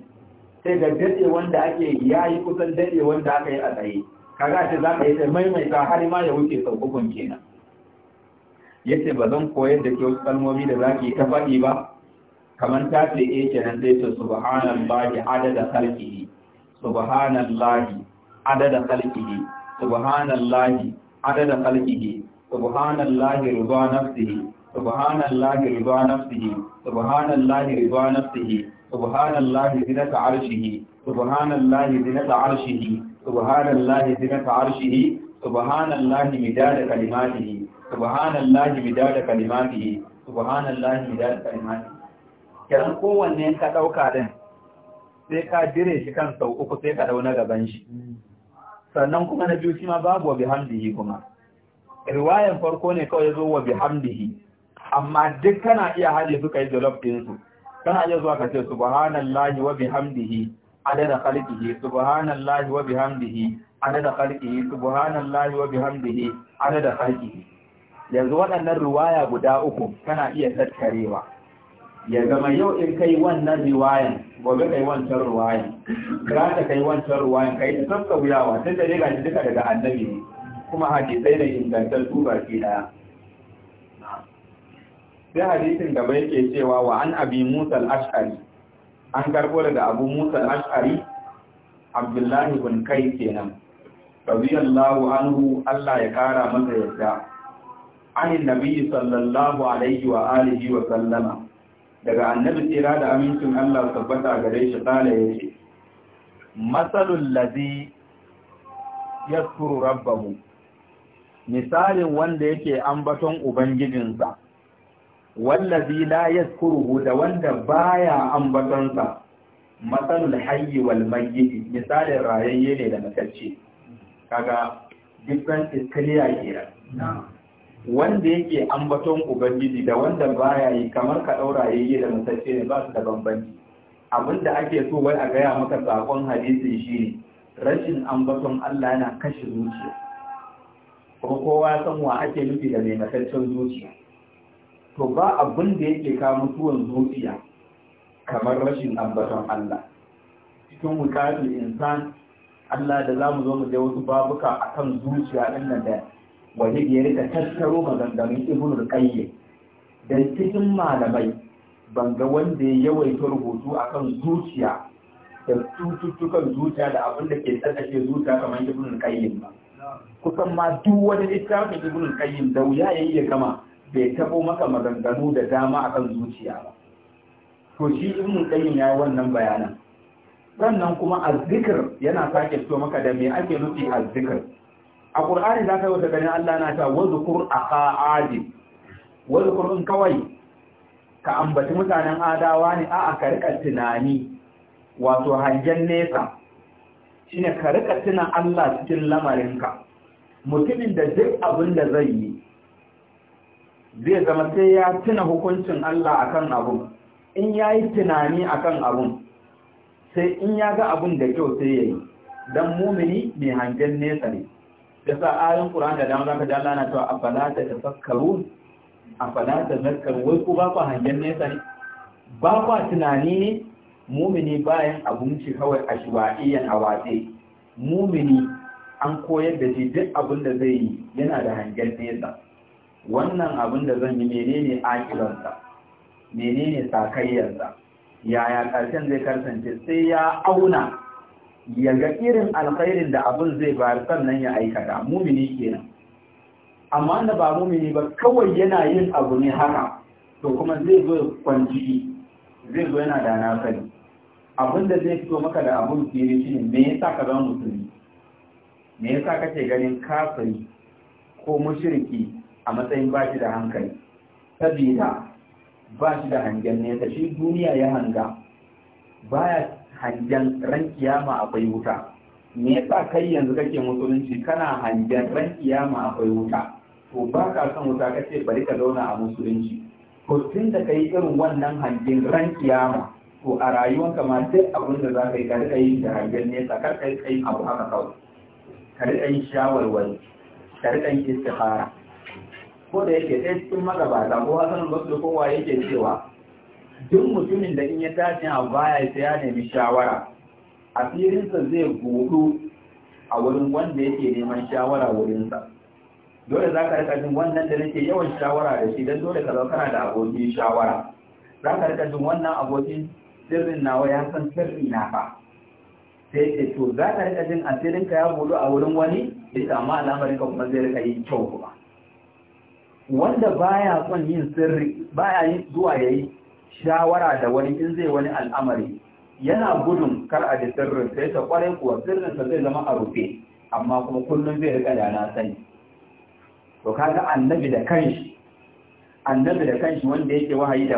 sai ga daɗe wanda ake ya yi kusan daɗe wanda aka yi a tsaye kaga ce za ka yi ta maimaita har ma ya wuce sau ukun kenan ya ce ba zan koyar da ke kalmomi da za ki ta faɗi ba kamar ta ce e kenan sai ce subhanallahi adada khalqihi subhanallahi adada khalqihi subhanallahi adada khalqihi subhanallahi ruba nafsihi subhanallahi riba nafsihi subhanallahi riba nafsihi subhanallahi zinata arshihi subhanallahi zinata arshihi subhanallahi zinata arshihi subhanallahi midada kalimatihi subhanallahi midada kalimatihi subhanallahi midada kalimatihi kiran kowanne ka dauka din sai ka dire shi kan sau uku sai ka dauna gaban shi sannan kuma na biyu shi ma babu wa bihamdihi kuma riwayan farko ne kawai zo wa bihamdihi amma duk kana iya haɗe suka yi jolof ɗinsu kana iya zuwa ka ce subhanallahi wa bihamdihi adada khalqihi subhanallahi wa bihamdihi adada khalqihi subhanallahi wa bihamdihi adada khalqihi yanzu waɗannan riwaya guda uku kana iya tattarewa ya zama yau in kai wannan riwayan gobe kai wancan riwayan gata kai wancan riwayan kai ta sassauyawa tun da ne ga duka daga annabi kuma hadisai da ingantar tubar baki daya sai hadisin gaba yake cewa wa an abi musa al-ash'ari an karbo daga abu musa al-ash'ari abdullahi bin kai kenan radiyallahu anhu Allah ya kara masa yarda anin nabi sallallahu alaihi wa alihi wa sallama daga annabi tsira da amincin Allah tabbata gare shi kala yace masalul ladhi yaskuru rabbahu misalin wanda yake ambaton ubangijinsa wallazi la yazkuruhu da wanda baya ambatonsa matsalul hayyi wal mayyit misalin rayayye ne da matacce kaga difference is clear here wanda yake ambaton ubangiji da wanda baya yi kamar ka daura yayye da matacce ne ba su da bambanci abinda ake so wai a gaya maka sakon shi shine rashin ambaton Allah yana kashe zuciya kuma kowa san wa ake nufi da mai mataccen zuciya to ba abin da yake ka mutuwan zuciya kamar rashin ambaton Allah cikin wukatun insan Allah da za mu zo mu je wasu babuka kan zuciya ɗin nan da da ya rika tattaro maganganun Ibn Qayyim dan cikin malamai ban ga wanda ya yawaita rubutu akan zuciya da cututtukan zuciya da abin da ke tsakashe zuciya kamar Ibn Qayyim ba kusan ma duk wani littafin Ibn Qayyim da wuya yayi ya kama bai tabo maka maganganu da dama a kan zuciya ba to shi ibn qayyim ya wannan bayanan sannan kuma azikir yana sake so maka da me ake nufi azikir a Ƙur'ani za ka yi wata ganin Allah na ta a ka'adi. adi kur in kawai ka ambaci mutanen adawa ne a'a ka rika tunani wato hangen nesa shine ka rika tuna Allah cikin lamarinka mutumin da duk abin da zai yi zai zama sai ya tuna hukuncin Allah akan abun in ya yi tunani akan abun sai in ya ga abun da kyau sai ya yi don mumini mai hangen nesa ne da sa ayin ƙuran da damar zaka dala na cewa a da ta fakkaru a falata zarkar wai ku ba ku hangen nesa ne ba kwa tunani ne mumini bayan abinci kawai a shiwa'iyan a watse mumini an koyar da shi duk abin da zai yi yana da hangen nesa wannan abin da zan yi menene akiransa menene sakayyarsa yaya karshen zai kasance sai ya auna ya ga irin alkhairin da abin zai bayar sannan ya aikata mumini kenan amma da ba mumini ba kawai yana yin abu ne haka to kuma zai zo kwanci zai zo yana da na sani abin da zai fito maka da abin fili ne, me yasa ka zama musulmi me yasa kake ganin kafiri ko mushriki a matsayin ba shi da hankali saboda ba shi da hangen nesa shi duniya ya hanga Ba ya hangen ran kiyama akwai wuta me yasa kai yanzu kake musulunci kana hangen ran kiyama akwai wuta to ba ka son wuta kace bari ka zauna a musulunci ko tun da kai irin wannan hangen ran kiyama to a rayuwanka ma duk abin da za ka yi ka riƙa yin da hangen nesa kar ka yi abu haka kawai ka riƙa yin shawarwari ka riƙa yin istikhara ko da yake ɗaya cikin magabata ko hasan basri kowa yake cewa duk mutumin da in ya tashi a baya sai ya nemi shawara asirinsa zai gudu a wurin wanda yake neman shawara wurinsa dole za ka rika jin wannan da nake yawan shawara da shi don dole ka zo kana da abokin shawara za ka rika jin wannan abokin sirrin nawa ya san sirri na fa sai ce to za ka rika jin asirinka ya gudu a wurin wani bisa amma al'amarin ka kuma zai rika yin kyau kuma wanda baya son yin sirri baya yin zuwa yayi shawara da wani in zai wani al'amari yana gudun kar a ji sirrin sai ta kwarai kuwa sirrin sa zai zama a rufe amma kuma kullum zai rika da na sani to kaga annabi da kanshi annabi da kanshi wanda yake wahayi da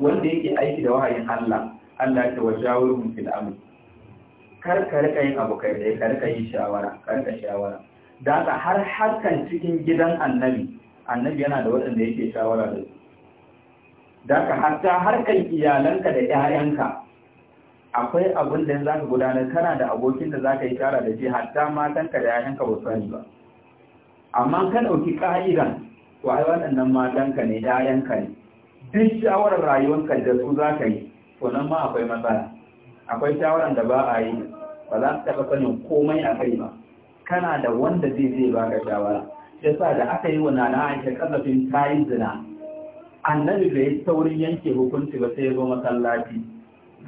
wanda yake aiki da wahayin Allah Allah ta mu fil amr kar ka rika yin abu kai kar ka yi shawara kar ka shawara da har harkan cikin gidan annabi annabi yana da waɗanda yake shawara da su da ka hatta harkar iyalanka da 'ya'yanka akwai abin da za ka gudanar kana da abokin da za ka yi tara da shi hatta matanka da 'ya'yanka ba sani ba amma ka ɗauki ƙa'idan to waɗannan matanka ne 'ya'yanka ne duk shawarar rayuwarka da su za ka yi to nan ma akwai matsala akwai shawarar da ba a yi ba za ka taɓa sanin komai a kai ba kana da wanda zai zai baka shawara yasa da aka yi wa nana aisha kazafin kayi zina annabi ya saurin yanke hukunci ba sai ya zo masallaci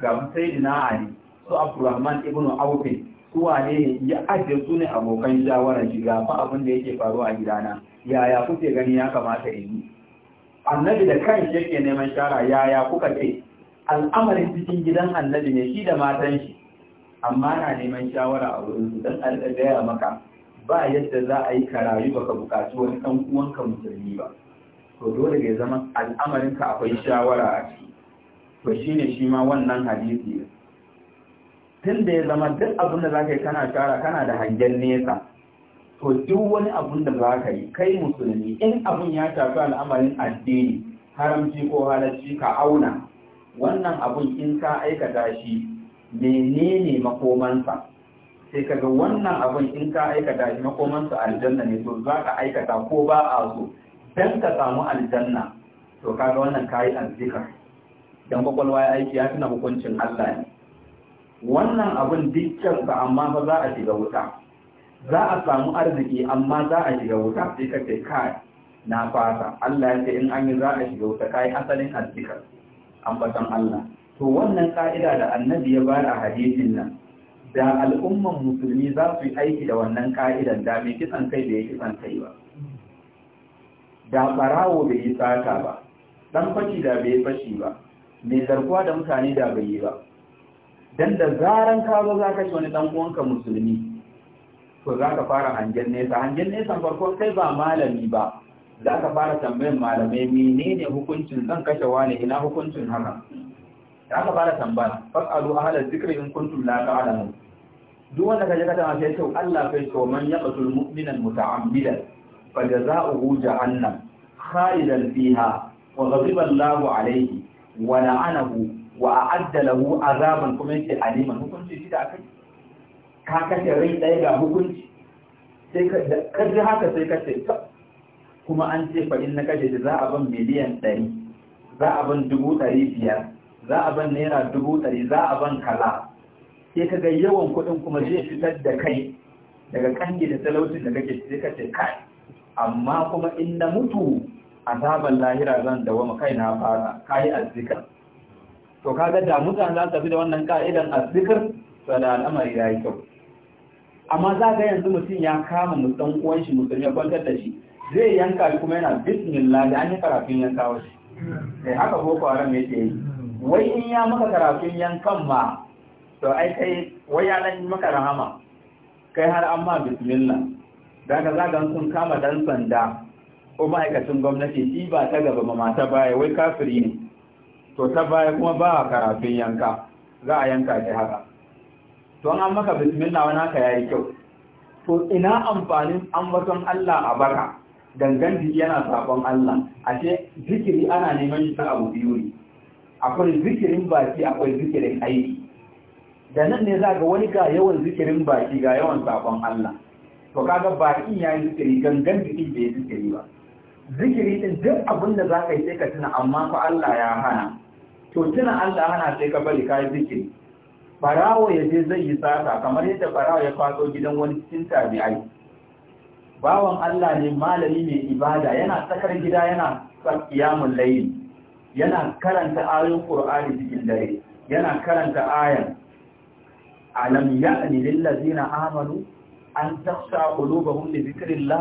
ga sai na ali su abdurrahman ibnu awfi su ne ya ajiye su ne abokan shawarar shi ga abin da yake faruwa a gidana yaya kuke gani ya kamata in yi annabi da kan shi yake neman shara yaya kuka ce al'amarin cikin gidan annabi ne shi da matan shi amma na neman shawara a wurin su dan alƙa maka ba yadda za a yi ka rayu baka bukaci wani ɗan uwanka musulmi ba to dole bai zama al'amarinka akwai shawara a ciki to shine shi ma wannan hadisi tun da ya zama duk abin da za ka yi kana shara kana da hangen nesa to duk wani abin da za ka yi kai musulmi in abin ya shafi al'amarin addini haramci ko halarci ka auna wannan abin in ka aikata shi menene makomansa sai kaga wannan abin in ka aikata shi su aljanna ne to za ka aikata ko ba a so Dan ka samu aljanna to kaga wannan kayi azzikar don kwakwalwa ya aiki ya tuna hukuncin Allah ne wannan abin dukkansa amma fa za a shiga wuta za a samu arziki amma za a shiga wuta sai ka ce kai na fata Allah ya ce in an yi za a shiga wuta kai asalin An ambatan Allah to wannan ka'ida da annabi ya bada hadisin nan da al'umman musulmi za su yi aiki da wannan ka'idan da mai kisan kai bai kisan kai ba da farawo bai yi tsaka ba dan fashi da bai fashi ba mai zarkuwa da mutane da bai yi ba dan da zaran ka zo za ka ci wani dan uwanka musulmi to za ka fara hangen nesa hangen nesa farko kai ba malami ba za ka fara tambayin malamai menene hukuncin zan kashe wani ina hukuncin haka za ka fara tambaya fa'alu ahlal zikri in kuntum la ta'lamun duk wanda kaje ka tama sai to Allah fa to man yaqtul mu'mina muta'ammidan fa jazaohu jahannam khalidan fiha wa ghadiba Allahu alayhi wa la'anahu wa a'adda lahu azaban kuma yace aliman hukunci shi da akai ka kace rai daya ga hukunci sai ka kaje haka sai ka ce kuma an ce fa in na kaje za a ban miliyan 100 za a ban dubu 500 za a ban naira dubu 100 za a ban kaza sai ka ga yawan kuɗin kuma zai fitar da kai daga kangi da talaucin da kake sai ka ce kai amma kuma in na mutu azaban lahira zan wama kai na fara kai azzikar to kaga da mutane za su fi da wannan ka'idan azzikar to da al'amari ya yi kyau amma za ga yanzu mutum ya kama mutum uwan shi mutum ya kwantar da shi zai yanka shi kuma yana bismillah da an yi karafin yankawa shi sai eh, haka boko haram yake yi wai in ya maka karafin yankan ma to ai kai wai ya dan maka rahama kai har amma bismillah daga zagan sun kama dan sanda ko ma'aikacin gwamnati shi ba ta gaba ma mata baya wai kafiri ne to ta baya kuma ba karafin yanka za a yanka shi haka to an maka bismillah wani haka yayi kyau to ina amfanin ambaton Allah a baka dangan yana sabon Allah ashe zikiri ana neman shi ta abu biyu ne akwai zikirin baki akwai zikirin aiki da nan ne za ga wani ga yawan zikirin baki ga yawan sabon Allah to kaga bakin yayi zikiri gangan da bai zikiri ba zikiri din duk abin da za ka yi sai ka tuna amma fa Allah ya hana to tuna Allah hana sai ka bari ka yi zikiri barawo ya je zai yi sata kamar yadda barawo ya kwaso gidan wani cikin tabi'ai bawan Allah ne malami mai ibada yana tsakar gida yana qiyamul layl yana karanta ayoyin Qur'ani cikin dare yana karanta ayan alam ya'ni lil ladina amanu an tafsa qulubuhum li dhikrillah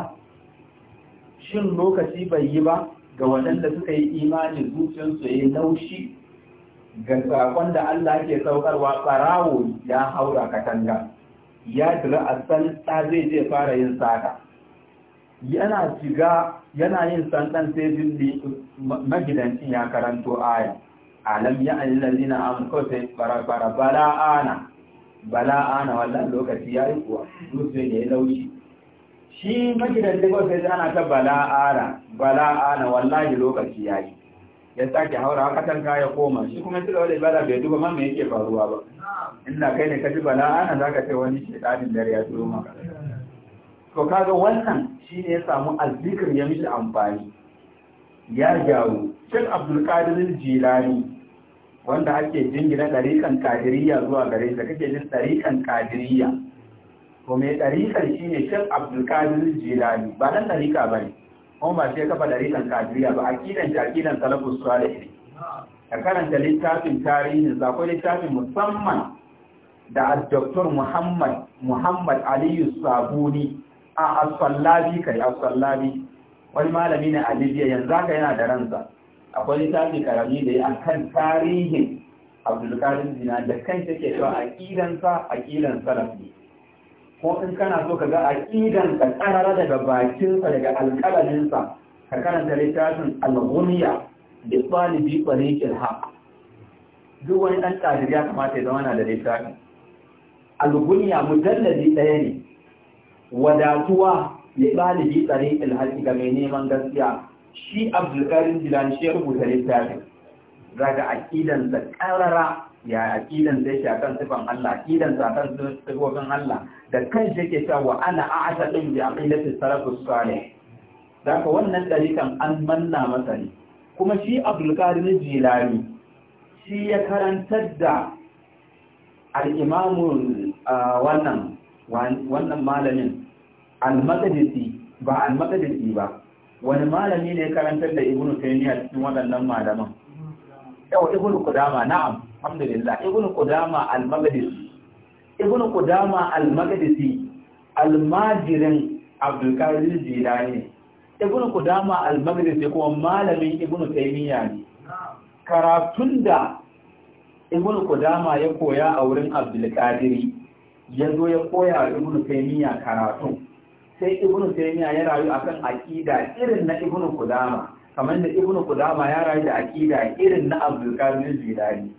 shin lokaci bai yi ba ga waɗanda suka yi imani su yayi laushi ga sakon da Allah ke saukarwa ɓarawo ya haura katanga ya jira a san zai je fara yin sata yana shiga yana yin sandan sai jindi magidancin ya karanto aya alam ya alilazina amkose barabara ana bala ana wallan lokaci ya yi kuwa dutse ne ya laushi shi magidan da sai ana ta bala Bala'ana bala ana wallahi lokaci ya yi ya sake haura katanka ya koma shi kuma tilo da bala bai duba man yake faruwa ba inda kai ne kaji ji bala ana zaka ce wani shedanin dare ya turo maka to kaga wannan shine ya samu azzikir ya mishi amfani ya gyaru shi Abdul Qadir Jilani wanda ake jingina ɗarikan kadiriya zuwa gare da kake jin ɗariƙan kadiriyya? to mai ɗariƙan shi ne shan abdulkadir jilani ba nan ɗariƙa ba ne kuma ba shi ya kafa ɗarikan kadiriyya ba ƙidan shi ƙidan salafus salih ne ka karanta littafin tarihin za littafin musamman da Dr. Muhammad Muhammad Aliyu Sabuni a Asfallabi? kai Asfallabi? wani malami ne a Libya yanzu haka yana da ransa akwai littafi karami da ya a kan tarihin abdulkarin zina da kan take cewa sa a salaf salafi ko in kana so ka ga aƙidan ka tsarara daga bakinsa daga alƙalaminsa ka karanta littafin al-ghuniya da talibi tariqil haq duk wani ɗan ɗalibi ya kamata ya zama na da littafin al-ghuniya ɗaya ne wadatuwa ya ɗalibi tariqil haq ga mai neman gaskiya shi abdulkarin jilani shi ya rubuta littafin zaga aqidan da karara ya aqidan da yake akan sifan Allah aqidan da akan sifofin Allah da kan shi yake cewa ana a'taqin da aqidati salafus salih zaka wannan darikan an manna masa ne kuma shi abdulkarin jilani shi ya karantar da al'imamun wannan malamin al maqdisi ba al maqdisi ba wani malami ne karantar da ibnu taymiya cikin waɗannan malaman yau ibnu qudama na'am alhamdulillah ibnu qudama al-maghdisi ibnu qudama al-maghdisi almajirin qadir jilani ibnu qudama al-maghdisi kuma malamin ibnu taymiya ne karatun da ibnu qudama ya koya a wurin abdulkadir ya zo ya koya ibnu taymiya karatun sai ibnu taymiya ya rayu akan aqida irin na ibnu kudama kamar da ibnu kudama ya rayu da aqida irin na abdul qadir jilani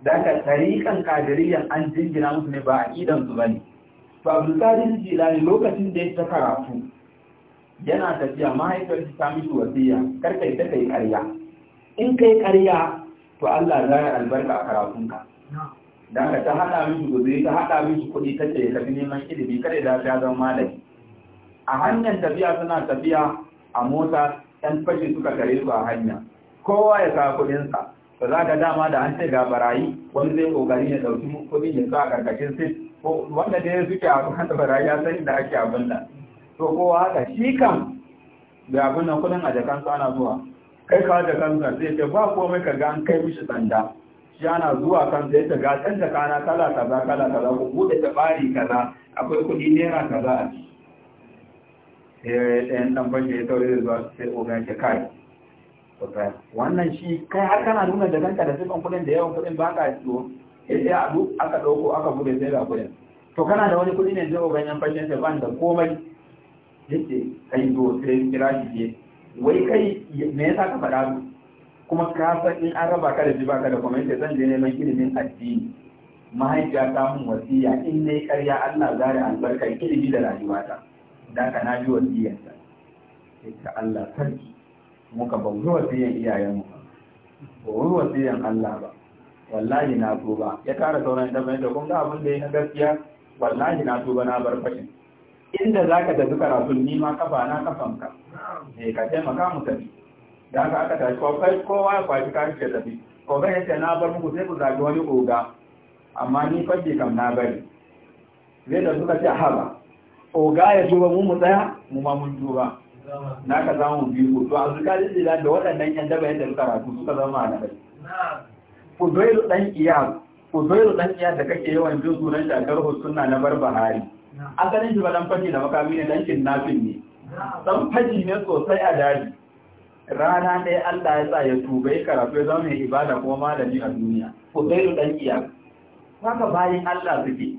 daga tariqan qadiriyyan an jingina musu ne ba aqidan su bane to abdul qadir jilani lokacin da ya karatu yana tafiya mahaifiyar ta mishi wasiya karkai da kai ƙarya in kai ƙarya to Allah za ya albarka a karatunka dan ka ta hada mishi gobe ta hada mishi kuɗi ta ce ka bi neman ilimi kada da ta zama malami a hanyar tafiya suna tafiya a mota ɗan fashi suka kare su a hanya kowa ya sa kuɗinsa ba za ka dama da hanci ga barayi wani zai ƙoƙari ya ɗauki kuɗin ya sa a ƙarƙashin sai ko wanda dai suke a kan [LAUGHS] barayi ya sani da ake abin nan to kowa haka shi kan da abin nan kuɗin a su ana zuwa kai ka jakansa zai ce ba komai ka ga an kai mishi sanda shi ana zuwa kan sai ta ga ɗan jakana kala kaza kala kaza ku buɗe tabari kaza akwai kuɗi naira kaza a ciki ɗayan ɗan fashe ya tauri zuwa sai ogan shi kai wannan shi kai har kana nuna da ganka da sifan kuɗin da yawan kuɗin ba ka ciwo ya sai a duk aka ɗauko aka buɗe sai ga kuɗin to kana da wani kuɗi ne zai ogan yan fashe sai ban da komai yace kai zo sai kira shi je wai kai me yasa ka faɗa kuma ka san in an raba ka da shi ka da komai sai zan je neman ilimin addini mahaifiya ta mun wasiya in ne karya Allah zare albarka ilimi da rayuwata da ka na ji wasiyarta ita Allah sarki muka ba mu wasiyan iyayenmu ba mu wasiyan Allah ba wallahi na so ba. ya kara sauran ita mai da kun ga abin da ya gaskiya wallahi na so ba, na bar fashin inda za ka tafi karatun ni ma kafa na kafan ka eh ka taimaka mu tafi da aka aka tashi ko kai kowa ya kwashi kashi ya tafi ko ga yace na bar muku sai ku zagi wani oga amma ni fa kam na bari zai da suka ce haba oga ya tuba mu mu tsaya mu ma mun duba. na ka zama mu biyu to a zuka da da waɗannan yan daba yadda suka rasu suka zama a nabai fudailu ɗan iya iya da kake yawan jin sunan shakar hussuna na barbahari asalin shi ba dan faji da makami ne dan kinnafin ne dan faji ne sosai a dari rana ɗaya Allah ya sa ya tuba ya karatu ya zama mai ibada kuma malami a duniya fudailu ɗan iya haka bayan Allah suke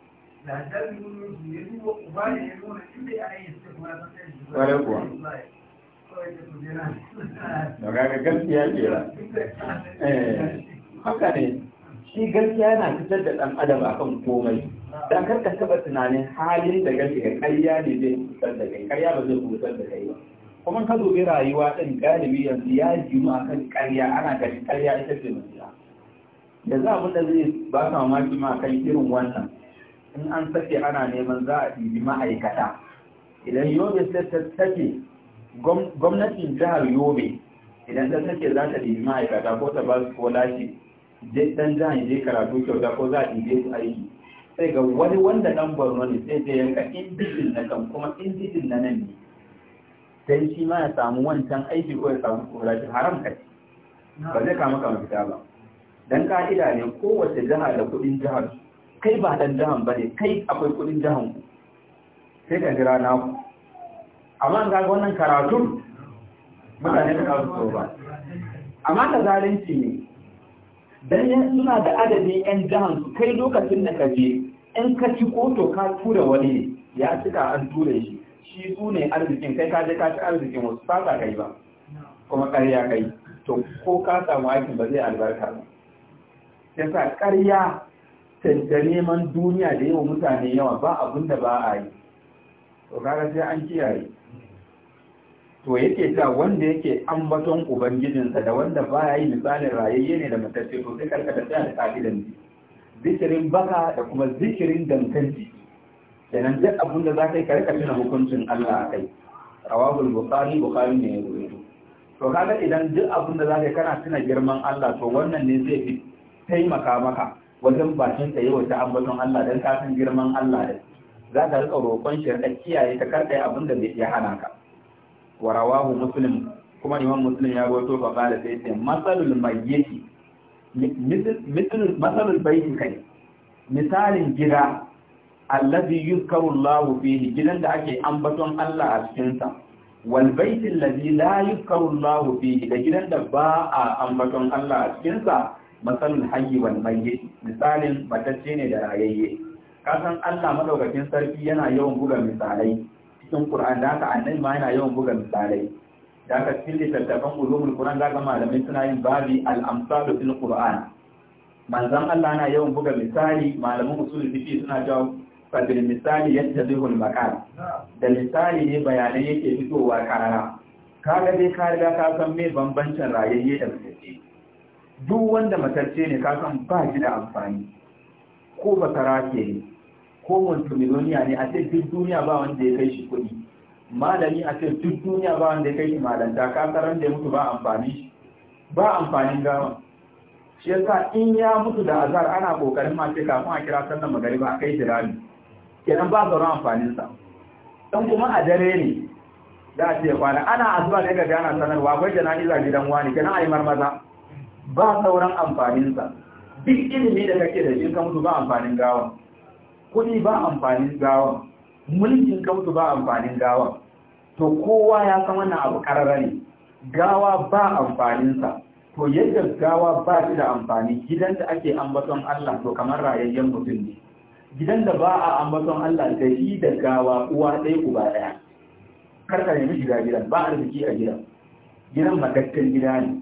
kwarai kuwa daga ga gaskiya ke haka ne shi gaskiya yana fitar da ɗan adam akan komai dan karka taba tunanin halin da gaskiya ga ƙarya ne zai fitar da kai ƙarya ba zai fitar da kai ba kuma ka zobe rayuwa ɗin galibi yanzu ya jinu akan ƙarya ana gani ƙarya ita ce mafiya za abin da zai ba ka mamaki ma kan irin wannan in an sake ana neman za a ɗibi ma'aikata idan yobe ta sake gwamnatin jihar yobe idan ta sake za ta ɗibi ma'aikata ko ta ba su ko lashe ɗan jihar je karatu kyauta ko za a ɗibe su aiki sai ga wani wanda ɗan borno ne sai ta yanka indijin na kan kuma indijin na nan ne sai shi ma ya samu wancan aiki ko ya samu korafin haram kai ba zai kama kama fita ba dan ka'ida ne kowace jiha da kuɗin jihar su kai ba dan jahan ba ne kai akwai kudin jahan ku sai ka jira na ku amma ga wannan karatu? mutane da kawo su ba amma ka zalunci ne dan yan suna da adadin yan jahan su kai lokacin da ka je in ka ci koto ka tura wani ne ya cika an tura shi shi su ne arzikin kai ka je ka ci arzikin wasu ka kai ba kuma ƙarya kai to ko ka samu aikin ba zai albarka ba yasa ƙarya da neman duniya da yawa mutane yawa ba abin da ba a yi to kaga sai an kiyaye to yake ta wanda yake ambaton ubangijinsa da wanda ba ya yi misalin rayayye ne da matacce to sai karkata tsaya da kafidan zikirin baka da kuma zikirin dankanci kenan duk abin da za ka yi karkata na hukuncin Allah a kai rawahul bukari bukari ne ya rubuto to kaga idan duk abin da za ka yi kana tuna girman Allah to wannan ne zai fi taimaka maka wajen bakin ta yawa ta ambaton Allah don ka girman Allah da za ta rika roƙon shi da kiyaye ta karka yi abin da bai iya hana ka wa rawahu muslim kuma imam muslim ya rawaito fa qala sai sai masalul mayyiti mithl masalul bayti kai misalin gida allazi yuzkaru Allah fihi gidan da ake ambaton Allah a cikin sa wal bayti allazi la yuzkaru Allah fihi da gidan da ba a ambaton Allah a cikin sa matsalin hayyi wani mayyit misalin batacce ne da rayayye kasan Allah madaukakin sarki yana yawan buga misalai cikin Qur'an da aka annabi ma yana yawan buga misalai da aka cikin littattafan ulumul Qur'an da haka malamin suna yin babi al-amsalu fil Qur'an Manzan Allah yana yawan buga misali malaman usulul fiqh suna jawo fadil misali yadda zuhul makal da misali ne bayanai yake fitowa karara kaga dai ka riga ka san me bambancin rayayye da mutane duk wanda matarce ne kasan ba shi da amfani ko bakara ke ne ko montemiloniya ne a ce duk duniya ba wanda ya kai shi kuɗi malami a ce duk duniya ba wanda ya kai shi malanta ka karan da ya mutu ba amfani shi ba amfanin gawa shi sa in ya mutu da azar ana kokarin ma ce kafin a kira sannan magariba a kai jirami kenan ba sauran amfanin sa dan kuma a dare ne da a ce kwana ana asuba da ga ana sanarwa akwai jana'iza gidan wani kenan a yi marmaza ba sauran amfaninsa duk ilimi da kake da shi ka mutu ba amfanin gawa? kudi ba amfanin gawa? mulkin ka mutu ba amfanin gawa? to kowa ya san wannan abu ƙarara ne gawa ba amfaninsa to yadda gawa ba shi da amfani gidan da ake ambaton Allah to kamar rayayyen mutum ne gidan da ba a ambaton Allah da shi da gawa uwa ɗaya uba ɗaya karka nemi shiga gidan ba arziki a gidan gidan matattun gida ne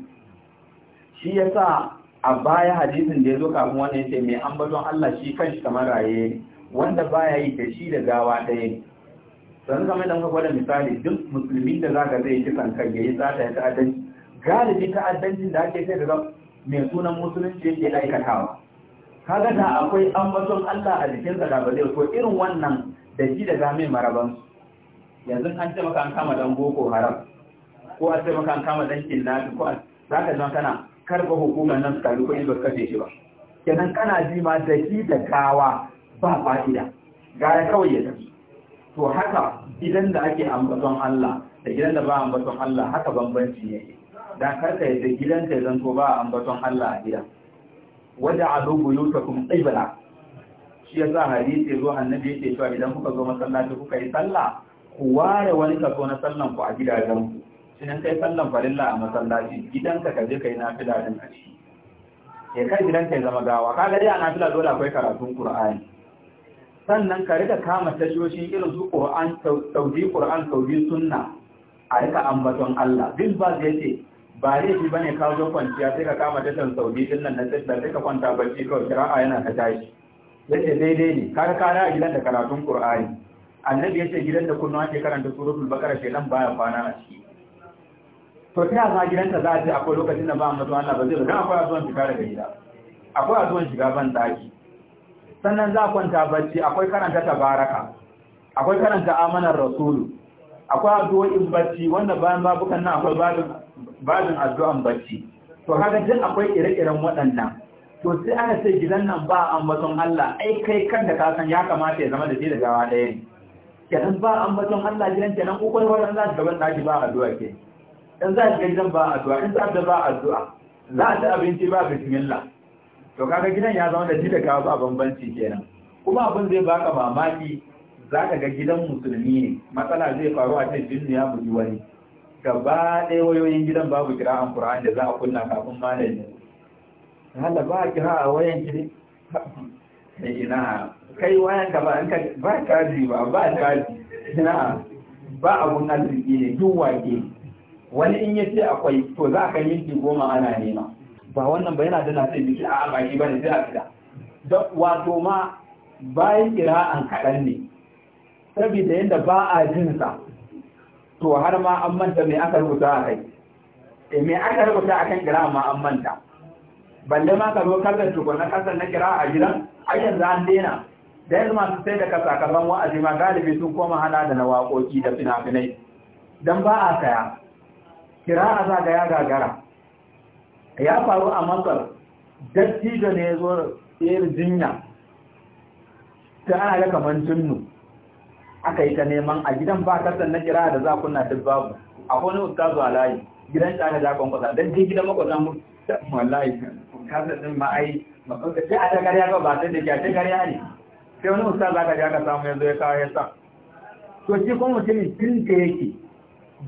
shi ya sa a baya hadisin da ya zo kafin wannan ce mai ambaton Allah shi kanshi kamar raye wanda ba ya yi da shi da gawa ɗaya sannan kamar da muka gwada misali duk musulmi da za ka zai yi kan ya yi tsata ya ta'addanci galibi ta'addancin da ake sai da mai sunan musulunci yake aikatawa kaga da akwai ambaton Allah a jikin sa da ba zai ko irin wannan da shi da zame maraban yanzu an ce maka an kama dan boko haram ko an ce maka an kama dan kidnapping ko zaka zama kana karba hukumar nan kalu kuɗi ba kashe shi ba kenan kana ji ma da shi da kawa ba fa'ida gara kawai ya tafi to haka idan da ake ambaton Allah da gidan da ba ambaton Allah haka bambanci ne dan karka da gidan ta zanto ba ambaton Allah a gida wada abu kuma qibla shi ya yasa hadisi zo annabi ce cewa idan kuka zo masallaci kuka yi sallah ku ware wani kaso na sallan ku a gidajen mu. idan kai sallan farilla a masallaci gidanka ka je kai nafila din a ciki ya kai gidanka ya zama gawa ka gari a nafila dole akwai karatun qur'ani sannan ka rika kama tashoshin irin su qur'an saudi qur'an sunna a rika ambaton Allah bin ba zai ce ba zai shi bane ka zo kwanciya sai ka kama tashar saudi din nan na tashar kwanta ka kwanta bacci kawai kira'a yana ka tashi yace daidai ne ka ka a gidan da karatun qur'ani annabi yace gidan da kunna ke karanta suratul baqara nan baya kwana a ciki to ta za gidanta za ta akwai lokacin da ba a mutu Allah ba zai zama akwai azuwan shiga daga gida akwai azuwan shiga ban daki sannan za kwanta bacci akwai karanta tabaraka akwai karanta amanar rasulu akwai addu'o'in bacci wanda bayan babukan nan akwai babin addu'an bacci to haka duk akwai ire-iren waɗannan to sai ana sai gidan nan ba ambaton Allah ai kai kan da ka san ya kamata ya zama da shi da gawa ɗaya ne kenan ba ambaton Allah gidan kenan ko kai wannan za ka gaban daki ba addu'a ke in za a shiga gidan ba addu'a in za a ba addu'a za a ci abinci ba a bismillah to kaga gidan ya zama da ji da kawo ba bambanci kenan kuma abin zai baka mamaki za ka ga gidan musulmi ne matsala zai faru a cikin jinnu ya buji wani gaba ɗaya wayoyin gidan babu kira an Qur'an da za a kunna kafin malami hala ba kira a wayan ki ne [LAUGHS] eh, ina kai wayan ka ba ba kaji ba ba kaji ina ba abun arziki ne duk wake wani in ya ce akwai to za ka minti goma ana nema ba wannan ba yana dana sai biki a baki ba ne sai a fita wato ma bayan kira'an kaɗan ne saboda yadda ba a jinsa to har ma an manta mai aka rubuta a kai eh, e mai aka rubuta a kan kira'a ma an manta balle ma ka zo kallon tukun na kasar na kira a gidan a yanzu an daina da yanzu masu sai da kasa wa'azi ma galibi sun koma hana da na waƙoƙi da fina-finai don ba a saya kira'a za ga ya gagara ya faru a masar dattijo ne ya zo tsayar jinya ta ana ga kamar jinnu aka yi ta neman a gidan ba kasan na kira da za kunna duk babu a wani ustazu a layi gidan ta ana zakon kwasa don je gidan makwasa mu wallahi kasan din ma ai sai a ta karya ba ba sai da ke karya ne sai wani za ka ja ka samu yanzu ya kawo ya sa to shi kuma mutumin tun ka yake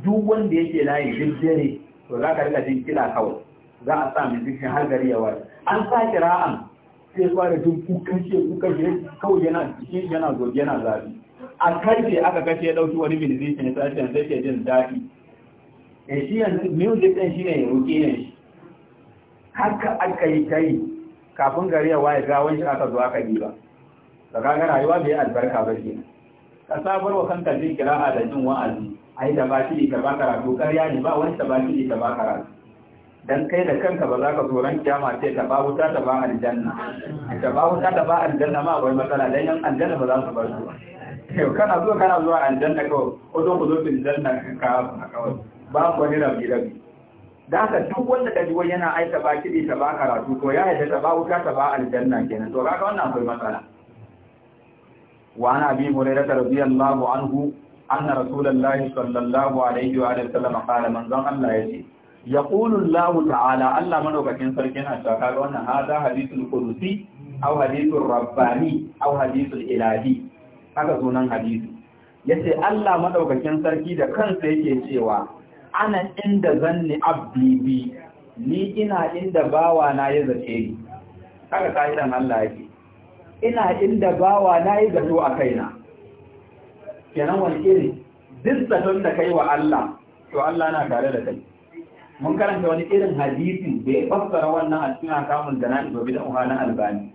duk wanda yake layi jirgire to za ka rika jin kila kawai za a sa mai jikin har gari ya wari an sa kira'an sai zuwa da jin kukan ce, kukan shi kawai yana jiki yana zoji yana zafi a karfe aka kashe ya ɗauki wani musician ya jin daɗi ya eh, shi yanzu music ɗin shi ne ya roƙe ne shi haka aka yi ta yi kafin gari ya waye gawon shi aka zo aka ba. da kaga rayuwa bai albarka ba ke ka sabar wa kanka jin kira'a da jin wa'azi ai da baki da ba karatu ƙarya ne ba wani da baki da ba karatu dan kai da kanka ba za ka tsoron kyama ce ta ba wuta ta ba aljanna ta ba wuta ta ba aljanna ma akwai matsala dan yan aljanna ba za su bar su kana zuwa kana zuwa aljanna kawai ko zo ku zo fil aljanna ka kawai ba ku ne rabi rabi da haka duk wanda ka jiwo yana aika ba kiɗi ta ba karatu to ya yadda ta ba wuta ta ba aljanna kenan to kaga wannan akwai matsala wa ana bi mu hurairah radiyallahu anhu anna rasulullahi sallallahu alaihi wa sallam qala manzon Allah yace yaqulu Allah ta'ala Allah madaukakin sarki yana cewa kaga wannan hada hadithul qudusi aw hadithul rabbani aw hadithul ilahi haka sunan hadisi yace Allah madaukakin sarki da kansa yake cewa ana inda zanni abdi bi ni ina inda bawa na ya zace haka kaidan Allah yake ina inda bawa na ya zato a kaina kenan wani iri duk zaton da kai wa Allah to Allah na tare da kai mun karanta wani irin hadisi da ya fassara wannan a cikin da na ibabi da uhanan albani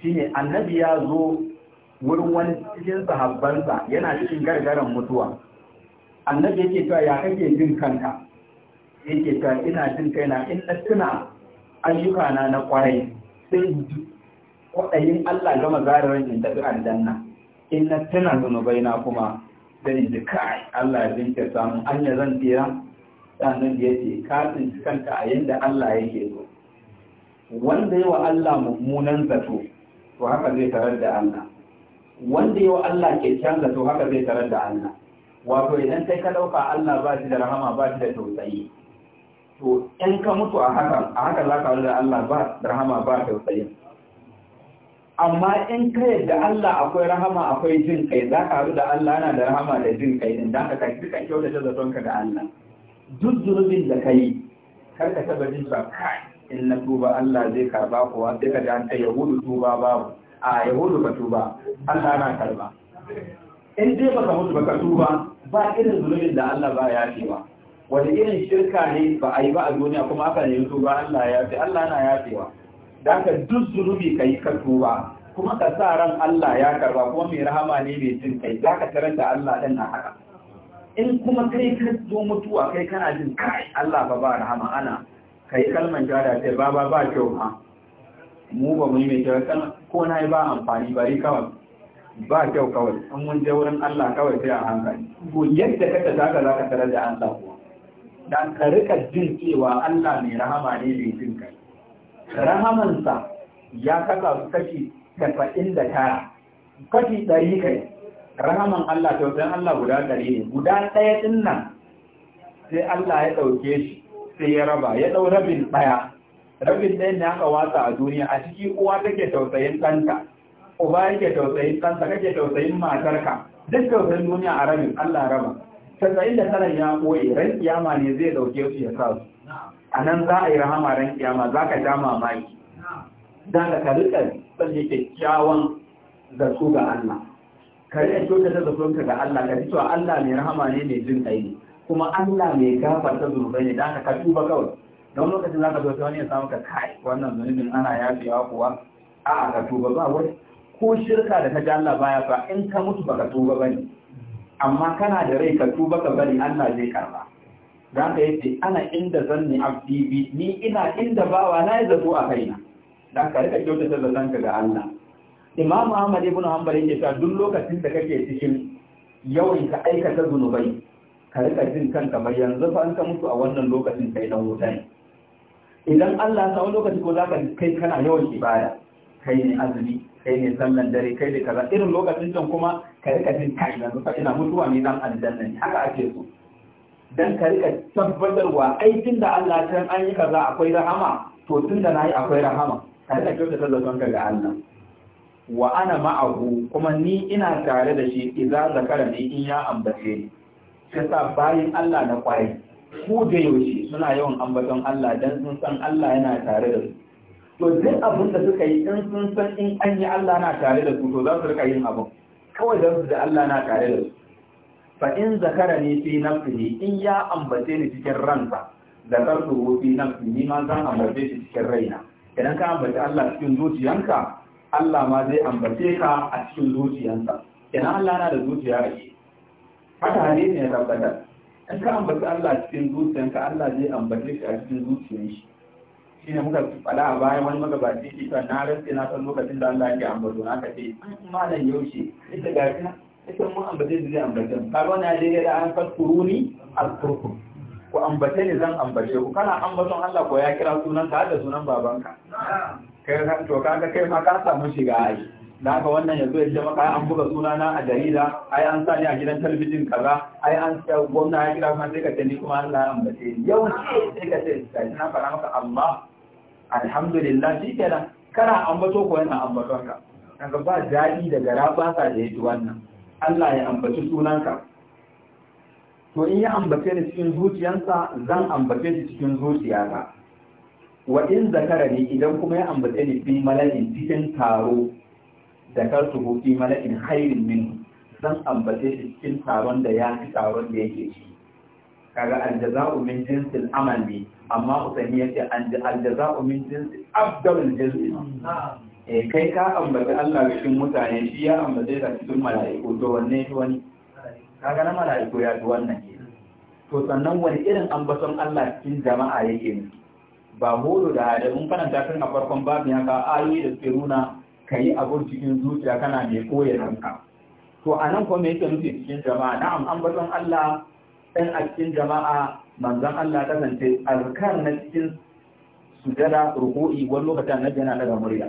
shine annabi ya zo wurin wani cikin sahabbansa yana cikin gargaran mutuwa annabi yake cewa ya kake jin kanka yake cewa ina jin kaina in na tuna ayyukana na kwarai sai kwaɗayin Allah gama zararin in tafi aljanna Inna tana zunubai na kuma zan ji kai Allah ya binke samun anya zan tsira sannan ya ce ka tsinci kanka a yadda Allah yake zo. wanda yawa Allah mummunan zato to haka zai tarar da Allah wanda yawa Allah kyakkyawan zato haka zai tarar da Allah wato idan kai ka dauka Allah ba shi da rahama ba shi da tausayi to in ka mutu a haka a haka za ka da Allah ba rahama ba tausayi amma in ka yadda Allah akwai rahama akwai jin kai za ka haɗu da Allah yana da rahama da jin kai din da ka duka kyautata zatonka da Allah duk zunubin da ka yi kar ka taba jin ba kai in na tuba Allah zai karba kuwa sai ka ji an yahudu tuba babu a yahudu ka tuba Allah na karba in dai ka mutu ka tuba ba irin zunubin da Allah ba ya fi ba wani irin shirka ne ba a yi ba a duniya kuma aka nemi tuba Allah ya fi Allah na yafewa da aka duk zunubi ka yi ka kuma ka sa ran Allah ya karba kuma mai rahama ne mai jin kai za ka tarar da Allah ɗin na haka in kuma kai ka zo mutuwa kai kana jin kai Allah ba ba rahama ana kai kalman jada sai ba ba ba kyau ma mu ba mu yi mai kyau kan ko na yi ba amfani bari kawai ba kyau kawai an mun je wurin Allah kawai sai a hankali ko yadda kake zaka zaka tarar da an kuwa dan ka rika jin cewa Allah mai rahama ne mai jin kai rahamansa ya kasa su kashi tasa'in da tara kashi ɗari kai rahaman Allah tausayin Allah guda ɗari ne guda ɗaya ɗin nan sai Allah ya ɗauke shi sai ya raba ya ɗau rabin ɗaya rabin ɗayan da aka wasa a duniya a ciki uwa take tausayin ɗanta uba yake tausayin ɗanta kake tausayin matarka duk tausayin duniya a rabin Allah raba tasa'in da tara ya ɓoye ran kiyama ne zai ɗauke su ya sa su a nan za a yi rahama ran kiyama za ka ja mamaki za ka karika tsalle kyakkyawan zato ga Allah karika kyauta ta zatonka ga Allah ka fito Allah mai rahama ne mai jin aini kuma Allah mai gafarta zunubai ne da ka tuba kawai don lokacin za ka zo ta wani ya samu ka kai wannan zunubin ana yawa kuwa a'a ka tuba ba wai ko shirka da ta ji Allah baya ba in ka mutu ba ka tuba ne amma kana da rai ka tuba ka bari Allah zai karba da aka yadda ana inda zanni abdi ni ina inda bawa na yi zato a kaina da aka rika kyautata zaton ka ga Allah Imam Ahmad ibn Hanbal yake cewa duk lokacin da kake cikin yawan ka aikata zunubai ka rika jin kanka kamar yanzu fa an ka mutu a wannan lokacin kai dan wuta ne idan Allah sa wani lokaci ko zaka kai kana yawan ibada kai ne azumi kai ne sallan dare kai ne kaza irin lokacin can kuma ka rika jin kai yanzu fa ina mutuwa ne dan aljanna haka ake so dan ka rika tabbatarwa aikin da Allah ta an yi kaza akwai rahama to tun da nayi akwai rahama ka rika kyautata zaton ka ga Allah wa ana ma'ahu kuma ni ina tare da shi idza zakara ne in ya ambace ni sai bayin Allah na kwarai ko da yaushe suna yawan ambaton Allah dan sun san Allah yana tare da su to duk abin da suka yi dan sun san in an yi Allah na tare da su to za su rika yin abin kawai dan su da Allah na tare da su fa in zakara ne fi nafsihi in ya ambace ni cikin ransa zakartu fi nafsi ni ma zan ambace shi cikin raina idan ka ambace Allah cikin zuciyanka Allah ma zai ambace ka a cikin zuciyansa idan Allah na da zuciya shi haka ne ne tabbatar in ka ambace Allah cikin zuciyanka Allah zai ambace shi a cikin zuciyar shi ne muka faɗa a bayan wani magabaci shi na rantsi na san lokacin da Allah ke ambato na ka ce malam yaushe ita ga ita mun ambace zai ambace ba ba na dai da an al azkurku ku ambace ni zan ambace ku kana ambaton Allah ko ya kira sunan ka da sunan babanka kai ka to kaga kai ma ka samu shiga ai da haka wannan yanzu ya jama maka an buga sunana a jarida ai an sani a gidan talabijin kaza ai an sa gwamna ya kira kuma sai ka ce ni kuma Allah ya ambace ni yau sai ka ce sai na fara maka amma, alhamdulillah shi kenan kana ambato ko yana ambaton ka kaga ba daɗi da gara ba sa da yaji wannan Allah ya ambaci sunanka to in ya ambace ni cikin zuciyansa zan ambace shi cikin zuciyata wa in zakara ne idan kuma ya ambace ni fi mala'in cikin taro da karsu hufi mala'in hairin min zan ambace shi cikin taron da ya fi taron da yake shi kaga aljaza'u min jinsil amal amma usani yace aljaza'u min jinsil afdalul jaz'i eh kai ka ambata Allah cikin mutane shi ya ambata ta cikin mala'iku to wanne shi wani kaga na mala'iku ya ji wannan ne to sannan wani irin ambaton Allah cikin jama'a yake ne ba holo da hada mun faranta kan farkon babu ya ka ayoyi da suke nuna a abun cikin zuciya kana mai koyar ranka to a nan me yake nufi cikin jama'a na'am ambaton Allah dan a cikin jama'a manzon Allah kasance alkar na cikin sujada ruku'i wani lokacin annabi yana daga murya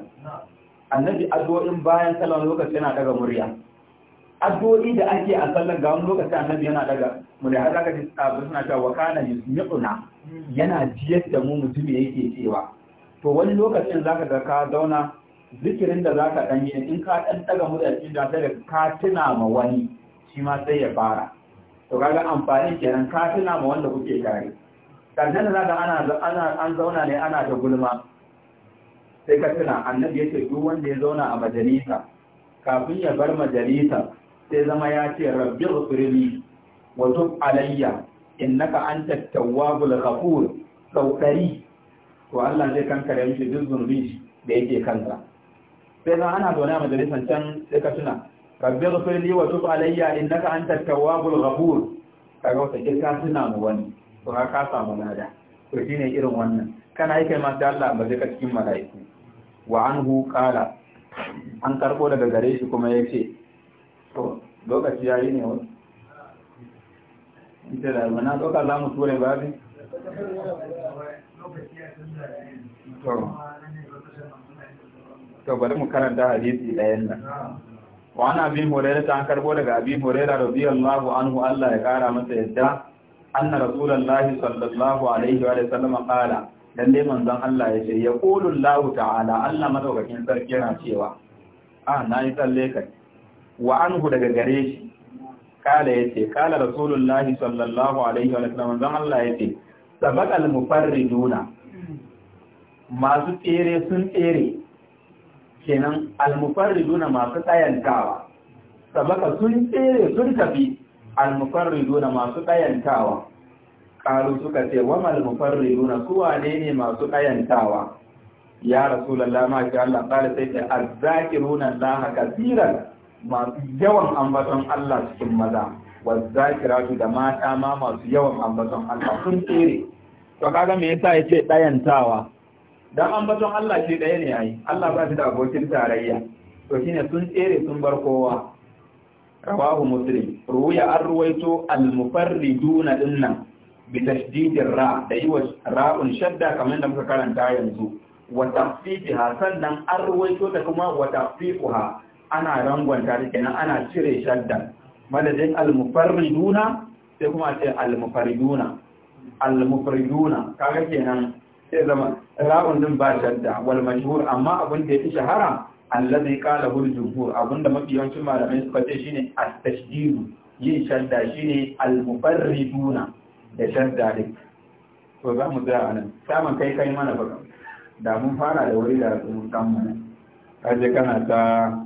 annabi addu'o'in bayan wani lokacin yana daga murya addu'o'i da ake a sallar ga wani lokacin annabi yana daga murya har zaka ji sabu suna cewa wa kana yusmi'una yana jiyar da mu mutum yake cewa to wani lokacin zaka ga ka zauna zikirin da zaka dan yi in ka dan daga murya cikin da ka tuna ma wani shi ma sai ya fara to kaga amfani kenan ka tuna ma wanda kuke tare ƙarshen da za ka ana an zauna ne ana ta gulma sai ka tuna annabi ya ce duk wanda ya zauna a majalisa kafin ya bar majalisa sai zama ya ce rabbi Rufirili wa tub alayya innaka anta tawwabul ghafur sau ɗari to Allah zai kankare mishi duk zunubi da yake kansa sai zan ana zaune a majalisan can sai ka tuna rabbi Rufirili wa tub alayya innaka an tawwabul ghafur kaga wata kirka suna mu wani to haka ka samu lada to shine irin wannan kana yi kai ma da Allah ba zai ka cikin mala'iku wa anhu qala an karbo daga gare shi kuma yace to lokaci yayi ne wani ita da mana doka za mu tura babi to bari mu karanta hadisi ɗayan nan وعن أبي bin عن ta an karbo daga abin عنه الله يقال Allah ya kara masa anna rasulullahi sallallahu alaihi wa sallam qala dan dai manzon Allah ya ce yaqulu Allahu ta'ala Allah madaukakin sarki yana cewa ah nayi tsalle kai wa anhu daga gare shi kala yace kala rasulullahi sallallahu alaihi wa sallam manzon Allah yace sabaqal mufarriduna masu tsere sun tsere kenan al mufarriduna masu tsayantawa sabaka sun tsere sun tafi al-mufarriduna masu ɗayantawa ƙaru suka ce wa mal-mufarriduna su wane ne masu ɗayantawa ya rasulullah ma sha Allah qala sai ta azzakiruna Allah kaseeran masu yawan ambaton Allah cikin maza wazzakiratu da mata ma masu yawan ambaton Allah sun tsere to kaga me yasa yace ɗayantawa dan ambaton Allah shi ɗaya ne yayi. Allah ba shi da abokin tarayya to shine sun tsere sun bar kowa rawahu muslim ruya an ruwaito al-mufarriduna dinnan bi tashdidin ra da yi wa ra'un shadda kamar da muka karanta yanzu wa tafsifiha sannan an ruwaito da kuma wa tafsifuha ana rangwanta ta kenan ana cire shadda madadin al-mufarriduna sai kuma ce al-mufarriduna al-mufarriduna kaga kenan sai zama ra'un din ba shadda wal mashhur amma abin da fi shahara allazi qala hul jumhur abinda mafi yawancin malamai suka ce shine at-tashdidu yin shadda shine al-mufarriduna da shadda din to za mu tsaya nan samun kai kai mana ba da mun fara da wuri da mun samu ne kaje kana ta